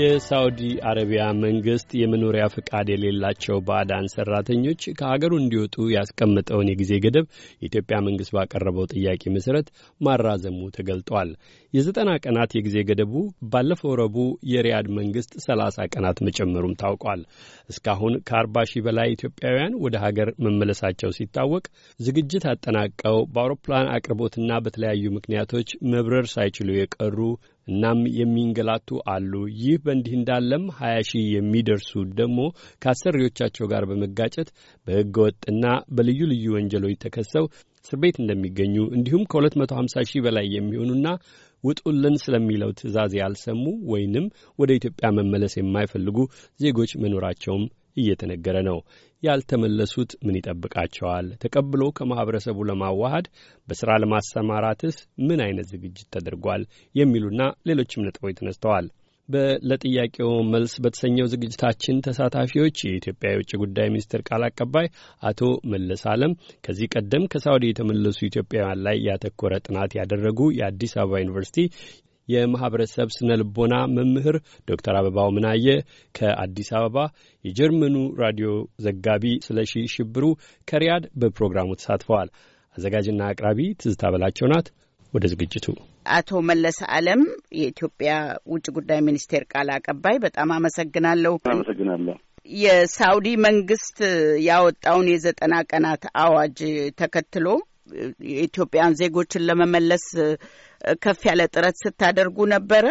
የሳውዲ አረቢያ መንግስት የመኖሪያ ፍቃድ የሌላቸው ባዕዳን ሰራተኞች ከሀገሩ እንዲወጡ ያስቀመጠውን የጊዜ ገደብ የኢትዮጵያ መንግስት ባቀረበው ጥያቄ መሰረት ማራዘሙ ተገልጧል። የዘጠና ቀናት የጊዜ ገደቡ ባለፈው ረቡዕ የሪያድ መንግስት ሰላሳ ቀናት መጨመሩም ታውቋል። እስካሁን ከአርባ ሺህ በላይ ኢትዮጵያውያን ወደ ሀገር መመለሳቸው ሲታወቅ ዝግጅት አጠናቀው በአውሮፕላን አቅርቦትና በተለያዩ ምክንያቶች መብረር ሳይችሉ የቀሩ እናም የሚንገላቱ አሉ። ይህ በእንዲህ እንዳለም ሀያ ሺህ የሚደርሱ ደግሞ ከአሰሪዎቻቸው ጋር በመጋጨት በሕገ ወጥና በልዩ ልዩ ወንጀሎች ተከሰው እስር ቤት እንደሚገኙ እንዲሁም ከ250 ሺህ በላይ የሚሆኑና ውጡልን ስለሚለው ትዕዛዝ ያልሰሙ ወይንም ወደ ኢትዮጵያ መመለስ የማይፈልጉ ዜጎች መኖራቸውም እየተነገረ ነው። ያልተመለሱት ምን ይጠብቃቸዋል? ተቀብሎ ከማኅበረሰቡ ለማዋሃድ በሥራ ለማሰማራትስ ምን አይነት ዝግጅት ተደርጓል? የሚሉና ሌሎችም ነጥቦች ተነስተዋል። ለጥያቄው መልስ በተሰኘው ዝግጅታችን ተሳታፊዎች የኢትዮጵያ የውጭ ጉዳይ ሚኒስቴር ቃል አቀባይ አቶ መለስ አለም ከዚህ ቀደም ከሳውዲ የተመለሱ ኢትዮጵያውያን ላይ ያተኮረ ጥናት ያደረጉ የአዲስ አበባ ዩኒቨርሲቲ የማህበረሰብ ስነ ልቦና መምህር ዶክተር አበባው ምናየ ከአዲስ አበባ፣ የጀርመኑ ራዲዮ ዘጋቢ ስለሺ ሽብሩ ከሪያድ በፕሮግራሙ ተሳትፈዋል። አዘጋጅና አቅራቢ ትዝታ በላቸው ናት። ወደ ዝግጅቱ አቶ መለስ አለም የኢትዮጵያ ውጭ ጉዳይ ሚኒስቴር ቃል አቀባይ፣ በጣም አመሰግናለሁ። አመሰግናለሁ። የሳውዲ መንግስት ያወጣውን የዘጠና ቀናት አዋጅ ተከትሎ የኢትዮጵያን ዜጎችን ለመመለስ ከፍ ያለ ጥረት ስታደርጉ ነበረ።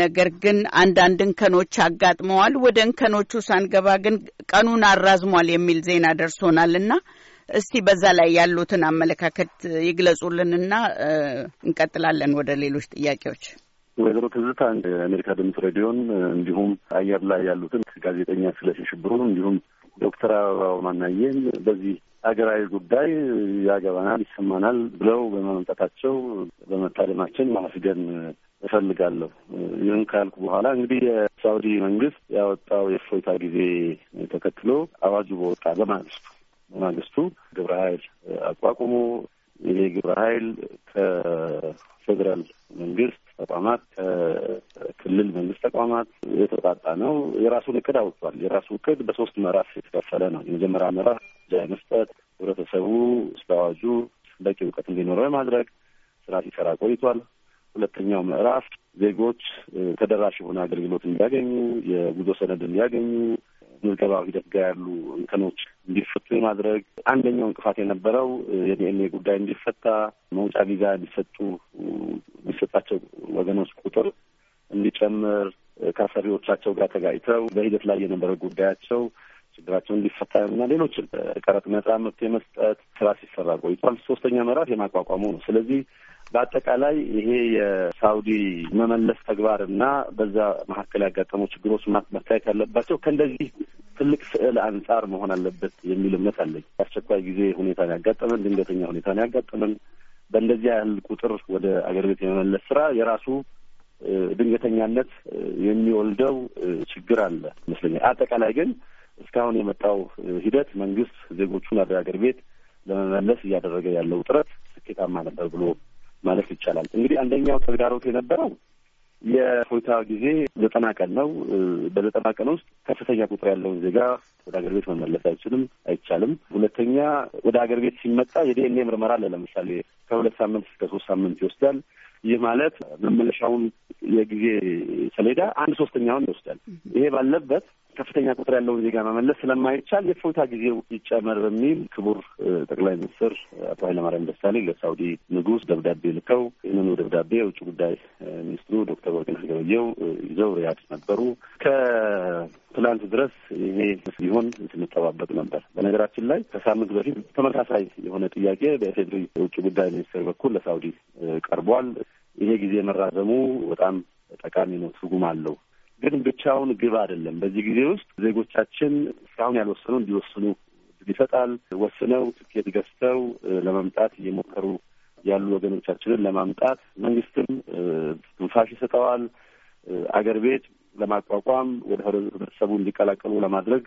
ነገር ግን አንዳንድ እንከኖች አጋጥመዋል። ወደ እንከኖቹ ሳንገባ ግን ቀኑን አራዝሟል የሚል ዜና ደርሶናል እና እስቲ በዛ ላይ ያሉትን አመለካከት ይግለጹልንና እንቀጥላለን ወደ ሌሎች ጥያቄዎች። ወይዘሮ ትዝታ የአሜሪካ ድምጽ ሬዲዮን እንዲሁም አየር ላይ ያሉትን ጋዜጠኛ ስለሽሽብሩን እንዲሁም ዶክተር አበባው ማናየን በዚህ ሀገራዊ ጉዳይ ያገባናል፣ ይሰማናል ብለው በመምጣታቸው በመታደማችን ማመስገን እፈልጋለሁ። ይህን ካልኩ በኋላ እንግዲህ የሳውዲ መንግስት ያወጣው የእፎይታ ጊዜ ተከትሎ አዋጁ በወጣ በማግስቱ በማግስቱ ግብረ ኃይል አቋቁሞ ይሄ ግብረ ኃይል ከፌዴራል መንግስት ተቋማት ከክልል መንግስት ተቋማት የተውጣጣ ነው። የራሱን እቅድ አውጥቷል። የራሱ እቅድ በሶስት ምዕራፍ የተከፈለ ነው። የመጀመሪያ ምዕራፍ ለመስጠት ህብረተሰቡ ስለ አዋጁ በቂ እውቀት እንዲኖረው የማድረግ ስራ ሲሰራ ቆይቷል። ሁለተኛው ምዕራፍ ዜጎች ተደራሽ የሆነ አገልግሎት እንዲያገኙ፣ የጉዞ ሰነድ እንዲያገኙ፣ ምዝገባው ሂደት ጋር ያሉ እንከኖች እንዲፈቱ የማድረግ አንደኛው እንቅፋት የነበረው የዲኤንኤ ጉዳይ እንዲፈታ፣ መውጫ ቪዛ እንዲሰጡ የሚሰጣቸው ወገኖች ቁጥር እንዲጨምር፣ ከአሰሪዎቻቸው ጋር ተጋጭተው በሂደት ላይ የነበረ ጉዳያቸው ችግራቸውን እንዲፈታ እና ሌሎችም ቀረጥ ነጻ መብት የመስጠት ስራ ሲሰራ ቆይቷል። ሶስተኛ ምዕራፍ የማቋቋሙ ነው። ስለዚህ በአጠቃላይ ይሄ የሳውዲ መመለስ ተግባር እና በዛ መካከል ያጋጠሙ ችግሮች መታየት ያለባቸው ከእንደዚህ ትልቅ ስዕል አንጻር መሆን አለበት የሚል እምነት አለኝ። አስቸኳይ ጊዜ ሁኔታን ያጋጠመን፣ ድንገተኛ ሁኔታን ያጋጠመን በእንደዚህ ያህል ቁጥር ወደ አገር ቤት የመመለስ ስራ የራሱ ድንገተኛነት የሚወልደው ችግር አለ ይመስለኛል። አጠቃላይ ግን እስካሁን የመጣው ሂደት መንግስት ዜጎቹን ወደ ሀገር ቤት ለመመለስ እያደረገ ያለው ጥረት ስኬታማ ነበር ብሎ ማለት ይቻላል። እንግዲህ አንደኛው ተግዳሮት የነበረው የፎይታ ጊዜ ዘጠና ቀን ነው። በዘጠና ቀን ውስጥ ከፍተኛ ቁጥር ያለውን ዜጋ ወደ ሀገር ቤት መመለስ አይችልም፣ አይቻልም። ሁለተኛ ወደ ሀገር ቤት ሲመጣ የዲኤንኤ ምርመራ አለ። ለምሳሌ ከሁለት ሳምንት እስከ ሶስት ሳምንት ይወስዳል። ይህ ማለት መመለሻውን የጊዜ ሰሌዳ አንድ ሶስተኛውን ይወስዳል። ይሄ ባለበት ከፍተኛ ቁጥር ያለውን ዜጋ መመለስ ስለማይቻል የፎታ ጊዜው ይጨመር በሚል ክቡር ጠቅላይ ሚኒስትር አቶ ኃይለማርያም ደሳሌ ለሳውዲ ንጉስ ደብዳቤ ልከው ይህንኑ ደብዳቤ የውጭ ጉዳይ ሚኒስትሩ ዶክተር ወርቅነህ ገበየሁ ይዘው ሪያድ ነበሩ። ከትላንት ድረስ ይሄ ሲሆን ስንጠባበቅ ነበር። በነገራችን ላይ ከሳምንት በፊት ተመሳሳይ የሆነ ጥያቄ በኢፌዴሪ የውጭ ጉዳይ ሚኒስትር በኩል ለሳውዲ ቀርቧል። ይሄ ጊዜ መራዘሙ በጣም ጠቃሚ ነው፣ ትርጉም አለው ግን ብቻውን ግብ አይደለም። በዚህ ጊዜ ውስጥ ዜጎቻችን እስካሁን ያልወሰኑ እንዲወስኑ ይሰጣል። ወስነው ትኬት ገዝተው ለመምጣት እየሞከሩ ያሉ ወገኖቻችንን ለማምጣት መንግስትም ትንፋሽ ይሰጠዋል። አገር ቤት ለማቋቋም ወደ ህብረተሰቡ እንዲቀላቀሉ ለማድረግ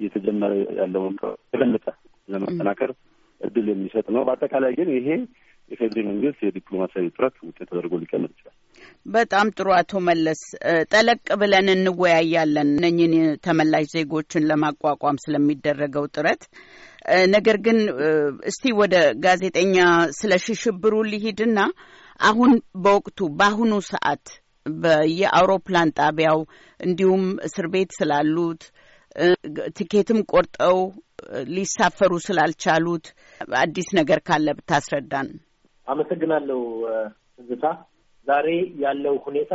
እየተጀመረ ያለውን የበለጠ ለማጠናከር እድል የሚሰጥ ነው። በአጠቃላይ ግን ይሄ የፌዴሪ መንግስት የዲፕሎማሲያዊ ጥረት ውጤት ተደርጎ ሊቀመጥ ይችላል። በጣም ጥሩ አቶ መለስ፣ ጠለቅ ብለን እንወያያለን እነኝን ተመላሽ ዜጎችን ለማቋቋም ስለሚደረገው ጥረት። ነገር ግን እስቲ ወደ ጋዜጠኛ ስለ ሽሽብሩ ሊሂድና አሁን በወቅቱ በአሁኑ ሰዓት በየአውሮፕላን ጣቢያው እንዲሁም እስር ቤት ስላሉት ትኬትም ቆርጠው ሊሳፈሩ ስላልቻሉት አዲስ ነገር ካለ ብታስረዳን። አመሰግናለሁ ትዝታ። ዛሬ ያለው ሁኔታ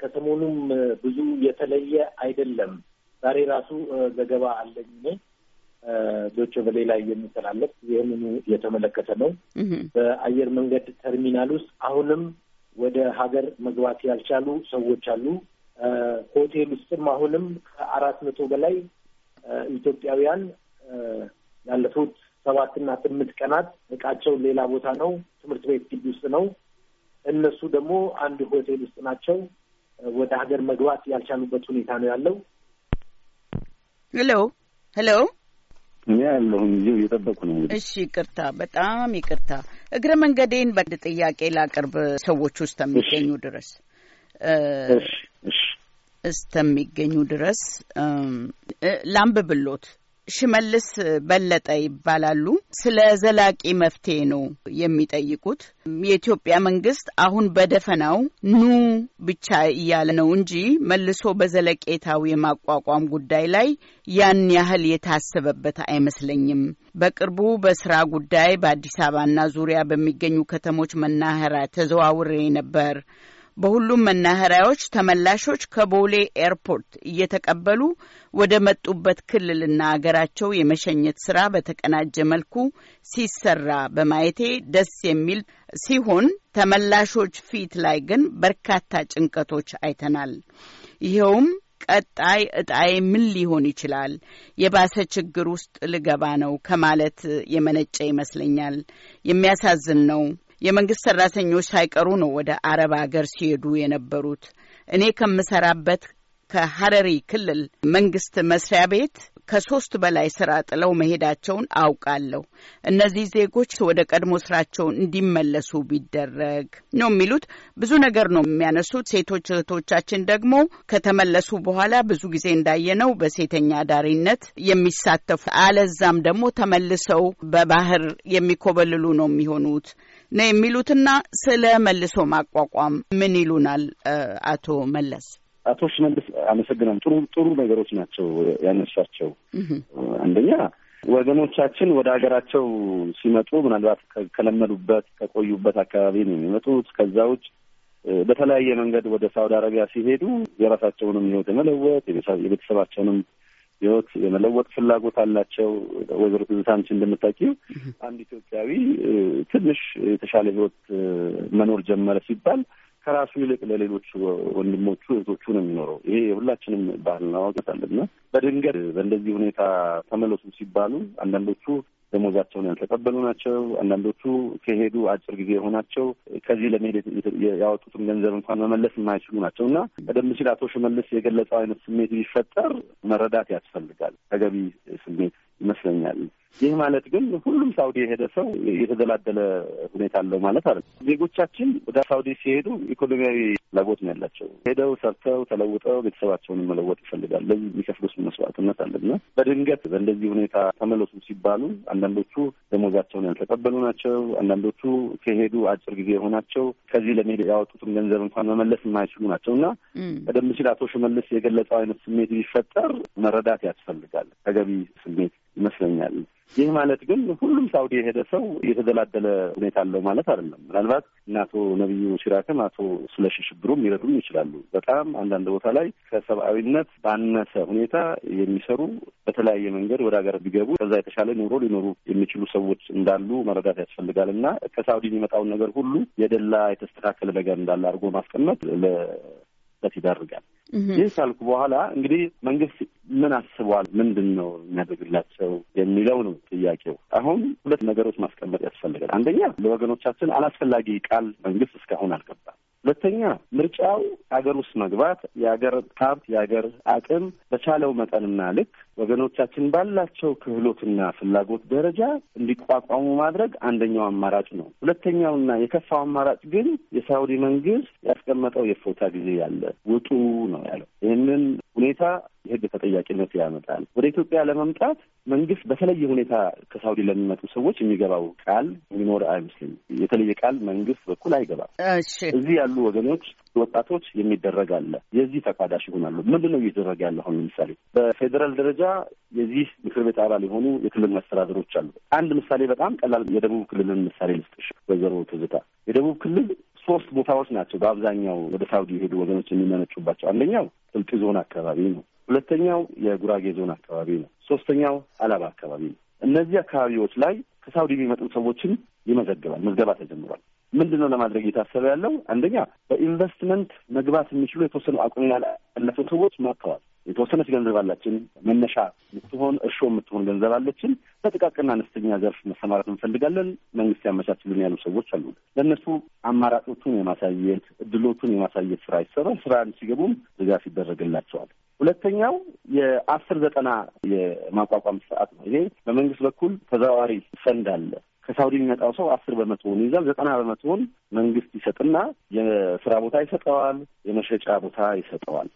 ከሰሞኑም ብዙ የተለየ አይደለም። ዛሬ ራሱ ዘገባ አለኝ እኔ ዶች በሌ ላይ የሚተላለፍ ይህንኑ የተመለከተ ነው። በአየር መንገድ ተርሚናል ውስጥ አሁንም ወደ ሀገር መግባት ያልቻሉ ሰዎች አሉ። ሆቴል ውስጥም አሁንም ከአራት መቶ በላይ ኢትዮጵያውያን ያለፉት። ሰባትና ስምንት ቀናት እቃቸው ሌላ ቦታ ነው፣ ትምህርት ቤት ግቢ ውስጥ ነው። እነሱ ደግሞ አንድ ሆቴል ውስጥ ናቸው። ወደ ሀገር መግባት ያልቻሉበት ሁኔታ ነው ያለው። ሄሎ ሄሎ፣ እኔ ያለሁም ጊዜ እየጠበቁ ነው። እሺ፣ ይቅርታ፣ በጣም ይቅርታ። እግረ መንገዴን በአንድ ጥያቄ ላቅርብ ሰዎች ውስጥ የሚገኙ ድረስ እስተሚገኙ ድረስ ላምብ ብሎት ሽመልስ በለጠ ይባላሉ። ስለ ዘላቂ መፍትሄ ነው የሚጠይቁት። የኢትዮጵያ መንግስት አሁን በደፈናው ኑ ብቻ እያለ ነው እንጂ መልሶ በዘለቄታዊ የማቋቋም ጉዳይ ላይ ያን ያህል የታሰበበት አይመስለኝም። በቅርቡ በስራ ጉዳይ በአዲስ አበባና ዙሪያ በሚገኙ ከተሞች መናኸሪያ ተዘዋውሬ ነበር። በሁሉም መናኸሪያዎች ተመላሾች ከቦሌ ኤርፖርት እየተቀበሉ ወደ መጡበት ክልልና አገራቸው የመሸኘት ስራ በተቀናጀ መልኩ ሲሰራ በማየቴ ደስ የሚል ሲሆን ተመላሾች ፊት ላይ ግን በርካታ ጭንቀቶች አይተናል። ይኸውም ቀጣይ እጣዬ ምን ሊሆን ይችላል? የባሰ ችግር ውስጥ ልገባ ነው ከማለት የመነጨ ይመስለኛል። የሚያሳዝን ነው። የመንግስት ሰራተኞች ሳይቀሩ ነው ወደ አረብ ሀገር ሲሄዱ የነበሩት። እኔ ከምሰራበት ከሀረሪ ክልል መንግስት መስሪያ ቤት ከሶስት በላይ ስራ ጥለው መሄዳቸውን አውቃለሁ። እነዚህ ዜጎች ወደ ቀድሞ ስራቸውን እንዲመለሱ ቢደረግ ነው የሚሉት። ብዙ ነገር ነው የሚያነሱት። ሴቶች እህቶቻችን ደግሞ ከተመለሱ በኋላ ብዙ ጊዜ እንዳየነው በሴተኛ አዳሪነት የሚሳተፉ አለዛም ደግሞ ተመልሰው በባህር የሚኮበልሉ ነው የሚሆኑት። ነው የሚሉትና ስለ መልሶ ማቋቋም ምን ይሉናል አቶ መለስ? አቶ ሽመልስ አመሰግናም። ጥሩ ጥሩ ነገሮች ናቸው ያነሳቸው። አንደኛ ወገኖቻችን ወደ ሀገራቸው ሲመጡ ምናልባት ከለመዱበት ከቆዩበት አካባቢ ነው የሚመጡት። ከዛ ውጭ በተለያየ መንገድ ወደ ሳውዲ አረቢያ ሲሄዱ የራሳቸውንም ሕይወት የመለወጥ የቤተሰባቸውንም ህይወት የመለወጥ ፍላጎት አላቸው። ወይዘሮ ትዝታ አንቺ እንደምታውቂው አንድ ኢትዮጵያዊ ትንሽ የተሻለ ህይወት መኖር ጀመረ ሲባል ከራሱ ይልቅ ለሌሎቹ ወንድሞቹ እህቶቹ ነው የሚኖረው። ይሄ የሁላችንም ባህል ወገት አለና በድንገት በእንደዚህ ሁኔታ ተመለሱ ሲባሉ አንዳንዶቹ ደሞዛቸውን ያልተቀበሉ ናቸው። አንዳንዶቹ ከሄዱ አጭር ጊዜ የሆናቸው ከዚህ ለመሄድ ያወጡትን ገንዘብ እንኳን መመለስ የማይችሉ ናቸው እና ቀደም ሲል አቶ ሽመልስ የገለጸው አይነት ስሜት ቢፈጠር መረዳት ያስፈልጋል። ተገቢ ስሜት ይመስለኛል። ይህ ማለት ግን ሁሉም ሳውዲ የሄደ ሰው የተደላደለ ሁኔታ አለው ማለት አለ። ዜጎቻችን ወደ ሳውዲ ሲሄዱ ኢኮኖሚያዊ ፍላጎት ነው ያላቸው። ሄደው ሰርተው ተለውጠው ቤተሰባቸውን መለወጥ ይፈልጋል። ለዚህ የሚከፍሉት መስዋዕትነት አለና በድንገት በእንደዚህ ሁኔታ ተመለሱ ሲባሉ አንዳንዶቹ ደሞዛቸውን ያልተቀበሉ ናቸው። አንዳንዶቹ ከሄዱ አጭር ጊዜ የሆናቸው ከዚህ ለመሄድ ያወጡትን ገንዘብ እንኳን መመለስ የማይችሉ ናቸው እና ቀደም ሲል አቶ ሽመልስ የገለጸው አይነት ስሜት ቢፈጠር መረዳት ያስፈልጋል ተገቢ ስሜት ይመስለኛል። ይህ ማለት ግን ሁሉም ሳውዲ የሄደ ሰው የተደላደለ ሁኔታ አለው ማለት አይደለም። ምናልባት እነ አቶ ነቢዩ ሲራክም አቶ ስለሺ ሽብሩም ሊረዱም ይችላሉ። በጣም አንዳንድ ቦታ ላይ ከሰብአዊነት ባነሰ ሁኔታ የሚሰሩ በተለያየ መንገድ ወደ ሀገር ቢገቡ ከዛ የተሻለ ኑሮ ሊኖሩ የሚችሉ ሰዎች እንዳሉ መረዳት ያስፈልጋል እና ከሳውዲ የሚመጣውን ነገር ሁሉ የደላ የተስተካከለ ነገር እንዳለ አድርጎ ማስቀመጥ ለመስጠት ይዳርጋል። ይህ ካልኩ በኋላ እንግዲህ መንግስት ምን አስቧል? ምንድን ነው የሚያደርግላቸው የሚለው ነው ጥያቄው። አሁን ሁለት ነገሮች ማስቀመጥ ያስፈልጋል። አንደኛ ለወገኖቻችን አላስፈላጊ ቃል መንግስት እስካሁን አልገባም። ሁለተኛ ምርጫው ሀገር ውስጥ መግባት የሀገር ሀብት የሀገር አቅም በቻለው መጠንና ልክ ወገኖቻችን ባላቸው ክህሎትና ፍላጎት ደረጃ እንዲቋቋሙ ማድረግ አንደኛው አማራጭ ነው። ሁለተኛውና የከፋው አማራጭ ግን የሳውዲ መንግስት ያስቀመጠው የፎታ ጊዜ ያለ ውጡ ነው ያለው። ይህንን ሁኔታ የህግ ተጠያቂነት ያመጣል። ወደ ኢትዮጵያ ለመምጣት መንግስት በተለየ ሁኔታ ከሳውዲ ለሚመጡ ሰዎች የሚገባው ቃል የሚኖር አይመስለኝም። የተለየ ቃል መንግስት በኩል አይገባም። እዚህ ያሉ ወገኖች ወጣቶች የሚደረግ አለ። የዚህ ተቋዳሽ ይሆናሉ። ምንድን ነው እየተደረገ ያለ? አሁን ለምሳሌ በፌዴራል ደረጃ የዚህ ምክር ቤት አባል የሆኑ የክልል መስተዳደሮች አሉ። አንድ ምሳሌ በጣም ቀላል የደቡብ ክልልን ምሳሌ ልስጥሽ፣ ወይዘሮ ትዝታ የደቡብ ክልል ሶስት ቦታዎች ናቸው በአብዛኛው ወደ ሳውዲ የሄዱ ወገኖች የሚመነጩባቸው። አንደኛው ስልጤ ዞን አካባቢ ነው። ሁለተኛው የጉራጌ ዞን አካባቢ ነው። ሶስተኛው አላባ አካባቢ ነው። እነዚህ አካባቢዎች ላይ ከሳውዲ የሚመጡ ሰዎችን ይመዘግባል። ምዝገባ ተጀምሯል። ምንድን ነው ለማድረግ እየታሰበ ያለው? አንደኛ በኢንቨስትመንት መግባት የሚችሉ የተወሰኑ አቁም ያለፉ ሰዎች መጥተዋል። የተወሰነች ገንዘብ አላችን፣ መነሻ የምትሆን እርሾ የምትሆን ገንዘብ አለችን። በጥቃቅና አነስተኛ ዘርፍ መሰማራት እንፈልጋለን፣ መንግስት ያመቻችልን ያሉ ሰዎች አሉ። ለእነሱ አማራጮቹን የማሳየት እድሎቹን የማሳየት ስራ ይሰራል። ስራ ሲገቡም ድጋፍ ይደረግላቸዋል። ሁለተኛው የአስር ዘጠና የማቋቋም ስርዓት ነው። ይሄ በመንግስት በኩል ተዘዋዋሪ ፈንድ አለ። ከሳውዲ የሚመጣው ሰው አስር በመቶውን ይዛል። ዘጠና በመቶውን መንግስት ይሰጥና የስራ ቦታ ይሰጠዋል፣ የመሸጫ ቦታ ይሰጠዋል።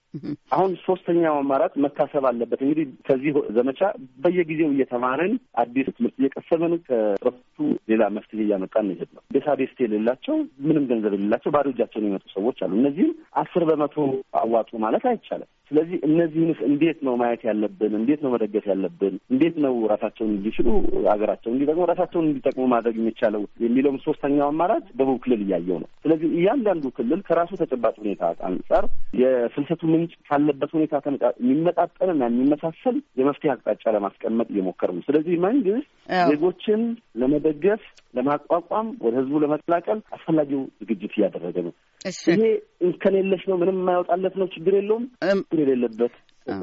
አሁን ሶስተኛው አማራጭ መታሰብ አለበት። እንግዲህ ከዚህ ዘመቻ በየጊዜው እየተማርን አዲስ ትምህርት እየቀሰምን ከረፍቱ ሌላ መፍትሄ እያመጣን ነው የሄድነው። ቤሳቤስት የሌላቸው ምንም ገንዘብ የሌላቸው ባዶ እጃቸውን የሚመጡ ሰዎች አሉ። እነዚህም አስር በመቶ አዋጡ ማለት አይቻልም። ስለዚህ እነዚህንስ እንዴት ነው ማየት ያለብን? እንዴት ነው መደገፍ ያለብን? እንዴት ነው ራሳቸውን እንዲችሉ ሀገራቸውን እንዲጠቅሙ ራሳቸውን እንዲጠቅሙ ደግሞ ማድረግ የሚቻለው የሚለውም ሶስተኛው አማራጭ ደቡብ ክልል እያየው ነው። ስለዚህ እያንዳንዱ ክልል ከራሱ ተጨባጭ ሁኔታ አንጻር የፍልሰቱ ምንጭ ካለበት ሁኔታ የሚመጣጠንና የሚመሳሰል የመፍትሄ አቅጣጫ ለማስቀመጥ እየሞከር ነው። ስለዚህ መንግስት ዜጎችን ለመደገፍ፣ ለማቋቋም፣ ወደ ህዝቡ ለመቀላቀል አስፈላጊው ዝግጅት እያደረገ ነው። ይሄ እንከን የለሽ ነው፣ ምንም የማያወጣለት ነው፣ ችግር የለውም ችግር የሌለበት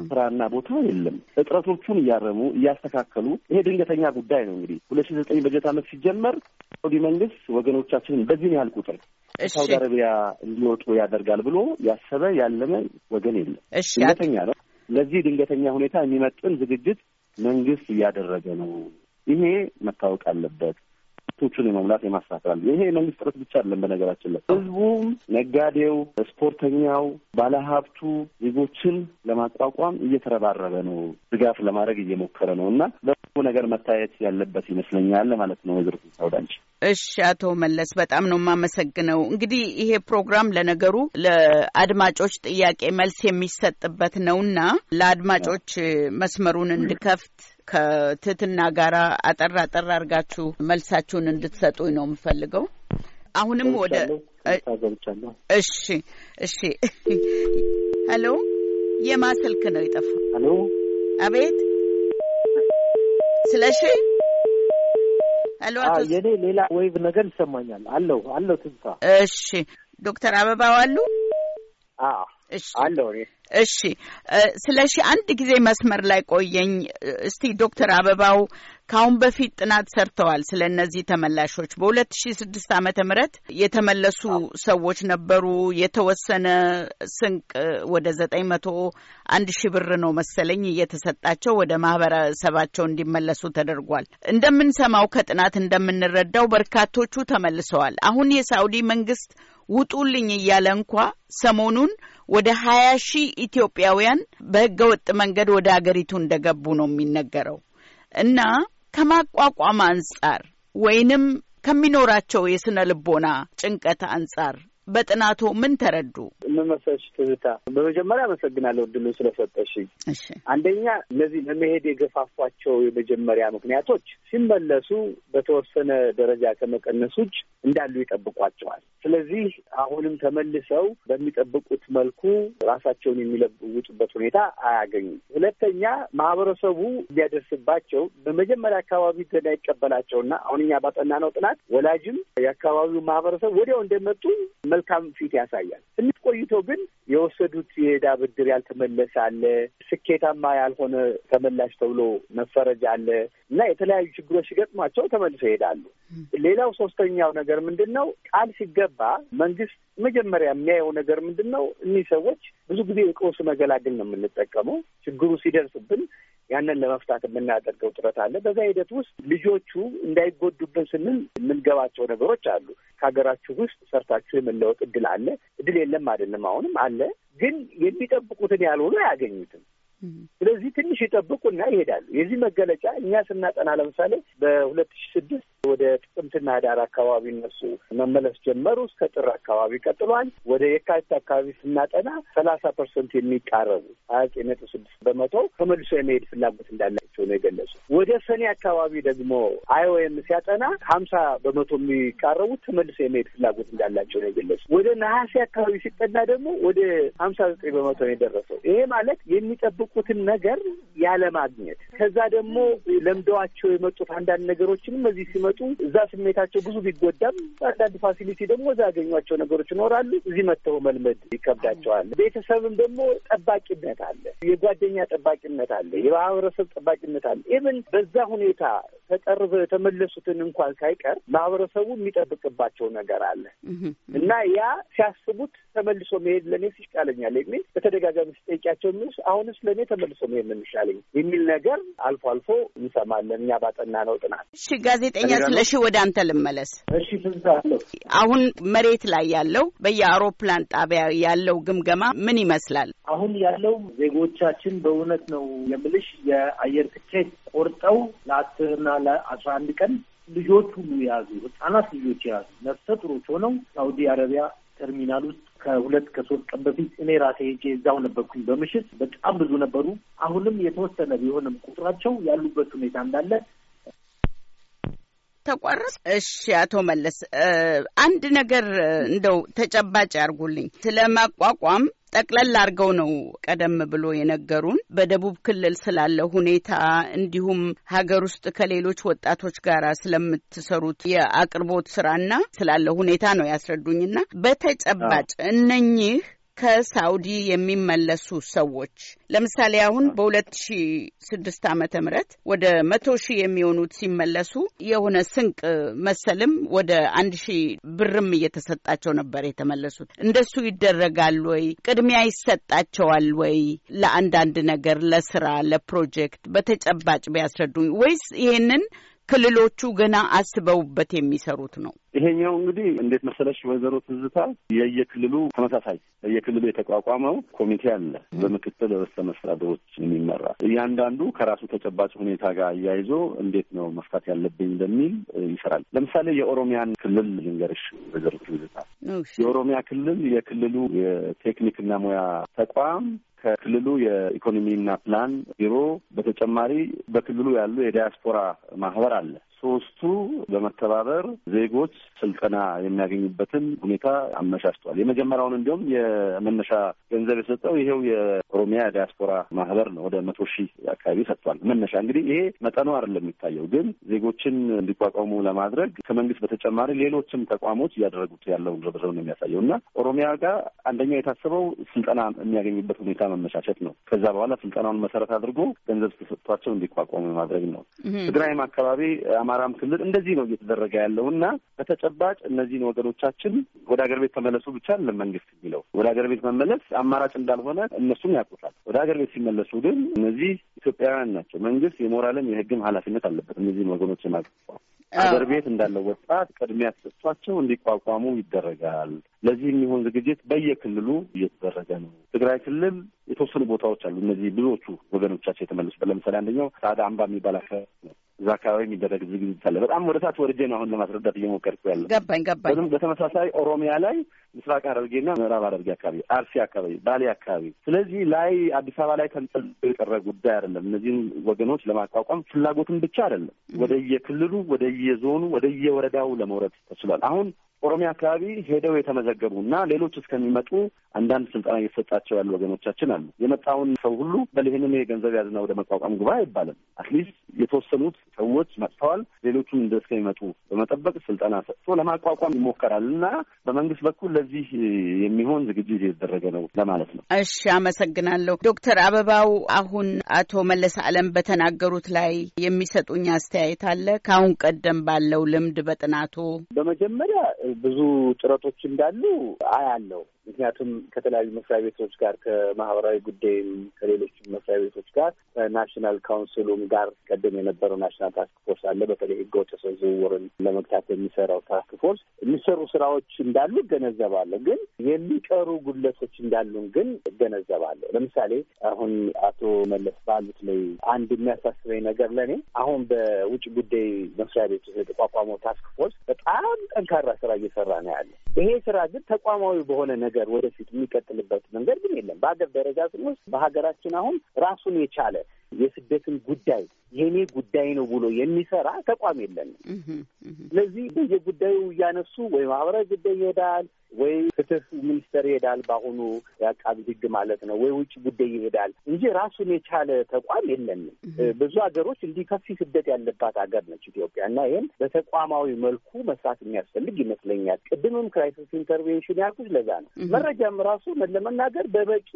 ስራና ቦታ የለም። እጥረቶቹን እያረሙ እያስተካከሉ ይሄ ድንገተኛ ጉዳይ ነው። እንግዲህ ሁለት ሺ ዘጠኝ በጀት ዓመት ሲጀመር ሳውዲ መንግስት ወገኖቻችንን በዚህን ያህል ቁጥር ሳውዲ አረቢያ እንዲወጡ ያደርጋል ብሎ ያሰበ ያለመ ወገን የለም። ድንገተኛ ነው። ለዚህ ድንገተኛ ሁኔታ የሚመጥን ዝግጅት መንግስት እያደረገ ነው። ይሄ መታወቅ አለበት። ቶቹን የመሙላት የማስተካከል ይሄ የመንግስት ጥረት ብቻ አይደለም። በነገራችን ላይ ህዝቡም፣ ነጋዴው፣ ስፖርተኛው፣ ባለሀብቱ ዜጎችን ለማቋቋም እየተረባረበ ነው፣ ድጋፍ ለማድረግ እየሞከረ ነው እና በብዙ ነገር መታየት ያለበት ይመስለኛል ማለት ነው። ወይዘሮ ሳውዳንች እሺ፣ አቶ መለስ በጣም ነው የማመሰግነው። እንግዲህ ይሄ ፕሮግራም ለነገሩ ለአድማጮች ጥያቄ መልስ የሚሰጥበት ነው እና ለአድማጮች መስመሩን እንድከፍት ከትህትና ጋር አጠር አጠር አድርጋችሁ መልሳችሁን እንድትሰጡኝ ነው የምፈልገው። አሁንም ወደ እሺ እሺ። ሄሎ፣ የማ ስልክ ነው የጠፋው? ሄሎ፣ አቤት። ስለሺ ሄሎ፣ የኔ ሌላ ወይቭ ነገር ይሰማኛል። አለው አለው። ትንሳ። እሺ፣ ዶክተር አበባው አሉ? እሺ፣ አለው። እሺ ስለሺ አንድ ጊዜ መስመር ላይ ቆየኝ። እስቲ ዶክተር አበባው ከአሁን በፊት ጥናት ሰርተዋል ስለ እነዚህ ተመላሾች በሁለት ሺ ስድስት ዓመተ ምህረት የተመለሱ ሰዎች ነበሩ። የተወሰነ ስንቅ ወደ ዘጠኝ መቶ አንድ ሺ ብር ነው መሰለኝ እየተሰጣቸው ወደ ማህበረሰባቸው እንዲመለሱ ተደርጓል። እንደምንሰማው ከጥናት እንደምንረዳው በርካቶቹ ተመልሰዋል። አሁን የሳውዲ መንግስት ውጡልኝ እያለ እንኳ ሰሞኑን ወደ ሀያ ሺህ ኢትዮጵያውያን በህገ ወጥ መንገድ ወደ አገሪቱ እንደገቡ ነው የሚነገረው እና ከማቋቋም አንጻር ወይንም ከሚኖራቸው የስነ ልቦና ጭንቀት አንጻር በጥናቱ ምን ተረዱ? ምን መሰለሽ ትዝታ፣ በመጀመሪያ አመሰግናለሁ እድሉ ስለሰጠሽ። አንደኛ እነዚህ ለመሄድ የገፋፏቸው የመጀመሪያ ምክንያቶች ሲመለሱ በተወሰነ ደረጃ ከመቀነሶች እንዳሉ ይጠብቋቸዋል። ስለዚህ አሁንም ተመልሰው በሚጠብቁት መልኩ ራሳቸውን የሚለውጡበት ሁኔታ አያገኙም። ሁለተኛ ማህበረሰቡ እንዲያደርስባቸው በመጀመሪያ አካባቢ ገና ይቀበላቸውና አሁን እኛ ባጠናነው ጥናት ወላጅም የአካባቢው ማህበረሰብ ወዲያው እንደመጡ መልካም ፊት ያሳያል። ትንሽ ቆይቶ ግን የወሰዱት የዕዳ ብድር ያልተመለሰ አለ፣ ስኬታማ ያልሆነ ተመላሽ ተብሎ መፈረጅ አለ እና የተለያዩ ችግሮች ሲገጥሟቸው ተመልሰው ይሄዳሉ። ሌላው ሶስተኛው ነገር ምንድን ነው? ቃል ሲገባ መንግስት መጀመሪያ የሚያየው ነገር ምንድን ነው? እኒህ ሰዎች ብዙ ጊዜ የቀውስ መገላገል ነው የምንጠቀመው። ችግሩ ሲደርስብን ያንን ለመፍታት የምናደርገው ጥረት አለ። በዛ ሂደት ውስጥ ልጆቹ እንዳይጎዱብን ስንል የምንገባቸው ነገሮች አሉ። ከሀገራችሁ ውስጥ ሰርታችሁ የመለወጥ እድል አለ። እድል የለም አይደለም፣ አሁንም አለ። ግን የሚጠብቁትን ያልሆኑ አያገኙትም። ስለዚህ ትንሽ ይጠብቁና ይሄዳሉ። የዚህ መገለጫ እኛ ስናጠና ለምሳሌ በሁለት ሺ ስድስት ወደ ጥቅምትና ህዳር አካባቢ እነሱ መመለስ ጀመሩ። እስከ ጥር አካባቢ ቀጥሏል። ወደ የካቲት አካባቢ ስናጠና ሰላሳ ፐርሰንት የሚቃረቡ ሀያ ዘጠኝ ነጥብ ስድስት በመቶ ተመልሶ የመሄድ ፍላጎት እንዳላቸው ነው የገለጹ። ወደ ሰኔ አካባቢ ደግሞ አይኦኤም ሲያጠና ሀምሳ በመቶ የሚቃረቡት ተመልሶ የመሄድ ፍላጎት እንዳላቸው ነው የገለጹ። ወደ ነሐሴ አካባቢ ሲጠና ደግሞ ወደ ሀምሳ ዘጠኝ በመቶ ነው የደረሰው። ይሄ ማለት የሚጠብቁ የመጡትን ነገር ያለማግኘት ከዛ ደግሞ ለምደዋቸው የመጡት አንዳንድ ነገሮችንም እዚህ ሲመጡ እዛ ስሜታቸው ብዙ ቢጎዳም አንዳንድ ፋሲሊቲ ደግሞ እዛ ያገኟቸው ነገሮች ይኖራሉ። እዚህ መጥተው መልመድ ይከብዳቸዋል። ቤተሰብም ደግሞ ጠባቂነት አለ፣ የጓደኛ ጠባቂነት አለ፣ የማህበረሰብ ጠባቂነት አለ። ኢብን በዛ ሁኔታ ተጠርበ የተመለሱትን እንኳን ሳይቀር ማህበረሰቡ የሚጠብቅባቸው ነገር አለ እና ያ ሲያስቡት ተመልሶ መሄድ ለእኔ ይሻለኛል የሚል በተደጋጋሚ ስጠይቂያቸው ምንስ አሁንስ ለእኔ ተመልሶ መሄድ ነው የሚሻለኝ የሚል ነገር አልፎ አልፎ እንሰማለን። እኛ ባጠና ነው ጥናት። እሺ ጋዜጠኛ ስለሺ ወደ አንተ ልመለስ። እሺ ትዛ አሁን መሬት ላይ ያለው በየአውሮፕላን ጣቢያ ያለው ግምገማ ምን ይመስላል? አሁን ያለው ዜጎቻችን በእውነት ነው የምልሽ የአየር ትኬት ቆርጠው ለአስርና ለአስራ አንድ ቀን ልጆች ሁሉ የያዙ ህጻናት ልጆች የያዙ ነፍሰ ጡሮች ሆነው ሳውዲ አረቢያ ተርሚናል ውስጥ ከሁለት ከሶስት ቀን በፊት እኔ ራሴ ሄጄ እዛው ነበርኩኝ። በምሽት በጣም ብዙ ነበሩ። አሁንም የተወሰነ ቢሆንም ቁጥራቸው ያሉበት ሁኔታ እንዳለ ተቋረጥ። እሺ አቶ መለስ አንድ ነገር እንደው ተጨባጭ ያርጉልኝ ስለ ማቋቋም ጠቅለል አድርገው ነው ቀደም ብሎ የነገሩን በደቡብ ክልል ስላለ ሁኔታ እንዲሁም ሀገር ውስጥ ከሌሎች ወጣቶች ጋር ስለምትሰሩት የአቅርቦት ስራና ስላለ ሁኔታ ነው ያስረዱኝና በተጨባጭ እነኚህ ከሳውዲ የሚመለሱ ሰዎች ለምሳሌ አሁን በ 2006 ስድስት ዓመተ ምህረት ወደ መቶ ሺህ የሚሆኑት ሲመለሱ የሆነ ስንቅ መሰልም ወደ አንድ ሺህ ብርም እየተሰጣቸው ነበር የተመለሱት። እንደሱ ይደረጋል ወይ? ቅድሚያ ይሰጣቸዋል ወይ? ለአንዳንድ ነገር፣ ለስራ፣ ለፕሮጀክት በተጨባጭ ቢያስረዱኝ ወይስ ይሄንን ክልሎቹ ገና አስበውበት የሚሰሩት ነው። ይሄኛው እንግዲህ እንዴት መሰለሽ ወይዘሮ ትዝታ የየክልሉ ተመሳሳይ የየክልሉ የተቋቋመው ኮሚቴ አለ፣ በምክትል ርዕሰ መስተዳድሮች የሚመራ እያንዳንዱ ከራሱ ተጨባጭ ሁኔታ ጋር አያይዞ እንዴት ነው መፍታት ያለብኝ በሚል ይሰራል። ለምሳሌ የኦሮሚያን ክልል ልንገርሽ ወይዘሮ ትዝታ የኦሮሚያ ክልል የክልሉ የቴክኒክና ሙያ ተቋም ከክልሉ የኢኮኖሚና ፕላን ቢሮ በተጨማሪ በክልሉ ያሉ የዲያስፖራ ማህበር አለ። ሶስቱ በመተባበር ዜጎች ስልጠና የሚያገኙበትን ሁኔታ አመቻችቷል። የመጀመሪያውን እንዲሁም የመነሻ ገንዘብ የሰጠው ይሄው የኦሮሚያ ዲያስፖራ ማህበር ነው። ወደ መቶ ሺህ አካባቢ ሰጥቷል። መነሻ እንግዲህ ይሄ መጠኑ አይደለም የሚታየው፣ ግን ዜጎችን እንዲቋቋሙ ለማድረግ ከመንግስት በተጨማሪ ሌሎችም ተቋሞች እያደረጉት ያለውን ርብርብ ነው የሚያሳየው እና ኦሮሚያ ጋር አንደኛው የታሰበው ስልጠና የሚያገኙበት ሁኔታ መመቻቸት ነው። ከዛ በኋላ ስልጠናውን መሰረት አድርጎ ገንዘብ ተሰጥቷቸው እንዲቋቋሙ ማድረግ ነው። ትግራይም አካባቢ በአማራም ክልል እንደዚህ ነው እየተደረገ ያለው እና በተጨባጭ እነዚህን ወገኖቻችን ወደ ሀገር ቤት ተመለሱ ብቻ አለን መንግስት የሚለው ወደ ሀገር ቤት መመለስ አማራጭ እንዳልሆነ እነሱም ያውቁታል። ወደ ሀገር ቤት ሲመለሱ ግን እነዚህ ኢትዮጵያውያን ናቸው። መንግስት የሞራልም የህግም ኃላፊነት አለበት እነዚህን ወገኖች ማግፋ ሀገር ቤት እንዳለው ወጣት ቅድሚያ ተሰጥቷቸው እንዲቋቋሙ ይደረጋል። ለዚህ የሚሆን ዝግጅት በየክልሉ እየተደረገ ነው። ትግራይ ክልል የተወሰኑ ቦታዎች አሉ። እነዚህ ብዙዎቹ ወገኖቻቸው የተመለሱበት ለምሳሌ አንደኛው ሳዳ አምባ የሚባል አካባቢ ነው። እዛ አካባቢ የሚደረግ ዝግጅት አለ። በጣም ወደ ታች ወርጄ ነው አሁን ለማስረዳት እየሞከርኩ ያለ ገባኝ ገባኝ። በተመሳሳይ ኦሮሚያ ላይ ምስራቅ ሐረርጌና ምዕራብ ሐረርጌ አካባቢ፣ አርሲ አካባቢ፣ ባሌ አካባቢ። ስለዚህ ላይ አዲስ አበባ ላይ ተንጠል የቀረ ጉዳይ አይደለም። እነዚህም ወገኖች ለማቋቋም ፍላጎትም ብቻ አይደለም፣ ወደየክልሉ ወደየዞኑ ወደየወረዳው ለመውረድ ተችሏል። አሁን ኦሮሚያ አካባቢ ሄደው የተመዘገቡ እና ሌሎች እስከሚመጡ አንዳንድ ስልጠና እየተሰጣቸው ያሉ ወገኖቻችን አሉ። የመጣውን ሰው ሁሉ በልህንን የገንዘብ ያዝና ወደ መቋቋም ግባ አይባልም። አትሊስት የተወሰኑት ሰዎች መጥተዋል። ሌሎቹም እንደ እስከሚመጡ በመጠበቅ ስልጠና ሰጥቶ ለማቋቋም ይሞከራል እና በመንግስት በኩል ለዚህ የሚሆን ዝግጅት የተደረገ ነው ለማለት ነው። እሺ፣ አመሰግናለሁ ዶክተር አበባው። አሁን አቶ መለስ አለም በተናገሩት ላይ የሚሰጡኝ አስተያየት አለ ከአሁን ቀደም ባለው ልምድ በጥናቱ በመጀመሪያ ብዙ ጥረቶች እንዳሉ አያለው። ምክንያቱም ከተለያዩ መስሪያ ቤቶች ጋር ከማህበራዊ ጉዳይም ከሌሎችም መስሪያ ቤቶች ጋር ከናሽናል ካውንስሉም ጋር ቀደም የነበረው ናሽናል ታስክ ፎርስ አለ። በተለይ ህገወጥ የሰው ዝውውርን ለመግታት የሚሰራው ታስክ ፎርስ የሚሰሩ ስራዎች እንዳሉ እገነዘባለሁ። ግን የሚቀሩ ጉድለቶች እንዳሉን ግን እገነዘባለሁ። ለምሳሌ አሁን አቶ መለስ ባሉት ላይ አንድ የሚያሳስበኝ ነገር ለእኔ አሁን በውጭ ጉዳይ መስሪያ ቤት የተቋቋመው ታስክ ፎርስ በጣም ጠንካራ ስራ እየሰራ ነው ያለ። ይሄ ስራ ግን ተቋማዊ በሆነ ነገር ወደፊት የሚቀጥልበት መንገድ ግን የለም። በሀገር ደረጃ ስንወስድ በሀገራችን አሁን ራሱን የቻለ የስደትን ጉዳይ የኔ ጉዳይ ነው ብሎ የሚሰራ ተቋም የለንም። ስለዚህ በየጉዳዩ እያነሱ ወይ ማህበራዊ ጉዳይ ይሄዳል፣ ወይ ፍትህ ሚኒስቴር ይሄዳል፣ በአሁኑ የአቃቢ ህግ ማለት ነው፣ ወይ ውጭ ጉዳይ ይሄዳል እንጂ ራሱን የቻለ ተቋም የለንም። ብዙ ሀገሮች እንዲህ ከፊ ስደት ያለባት ሀገር ነች ኢትዮጵያ እና ይህም በተቋማዊ መልኩ መስራት የሚያስፈልግ ይመስለኛል። ቅድምም ክራይሲስ ኢንተርቬንሽን ያልኩት ለዛ ነው። መረጃም ራሱ ለመናገር በበቂ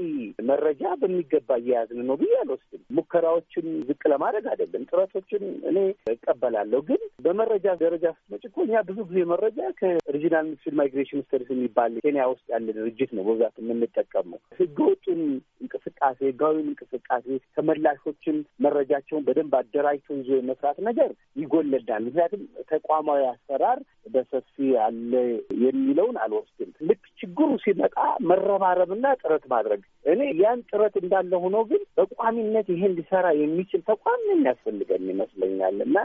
መረጃ በሚገባ እየያዝን ነው ብዬ አልወስድም። ሙከራዎችን ዝቅ ለማድረግ አደ የሚደረግልን ጥረቶችን እኔ እቀበላለሁ። ግን በመረጃ ደረጃ ስትመጪ እኮ እኛ ብዙ ጊዜ መረጃ ከሪጂናል ሚክስድ ማይግሬሽን ስተዲስ የሚባል ኬንያ ውስጥ ያለ ድርጅት ነው በብዛት የምንጠቀመው። ህገወጡን እንቅስቃሴ፣ ህጋዊን እንቅስቃሴ ተመላሾችን መረጃቸውን በደንብ አደራጅቶ ይዞ የመስራት ነገር ይጎለዳል። ምክንያቱም ተቋማዊ አሰራር በሰፊ አለ የሚለውን አልወስድም። ልክ ችግሩ ሲመጣ መረባረብና ጥረት ማድረግ እኔ ያን ጥረት እንዳለ ሆኖ ግን በቋሚነት ይሄን ሊሰራ የሚችል ተቋም ነው የሚያስፈልገን ይመስለኛል እና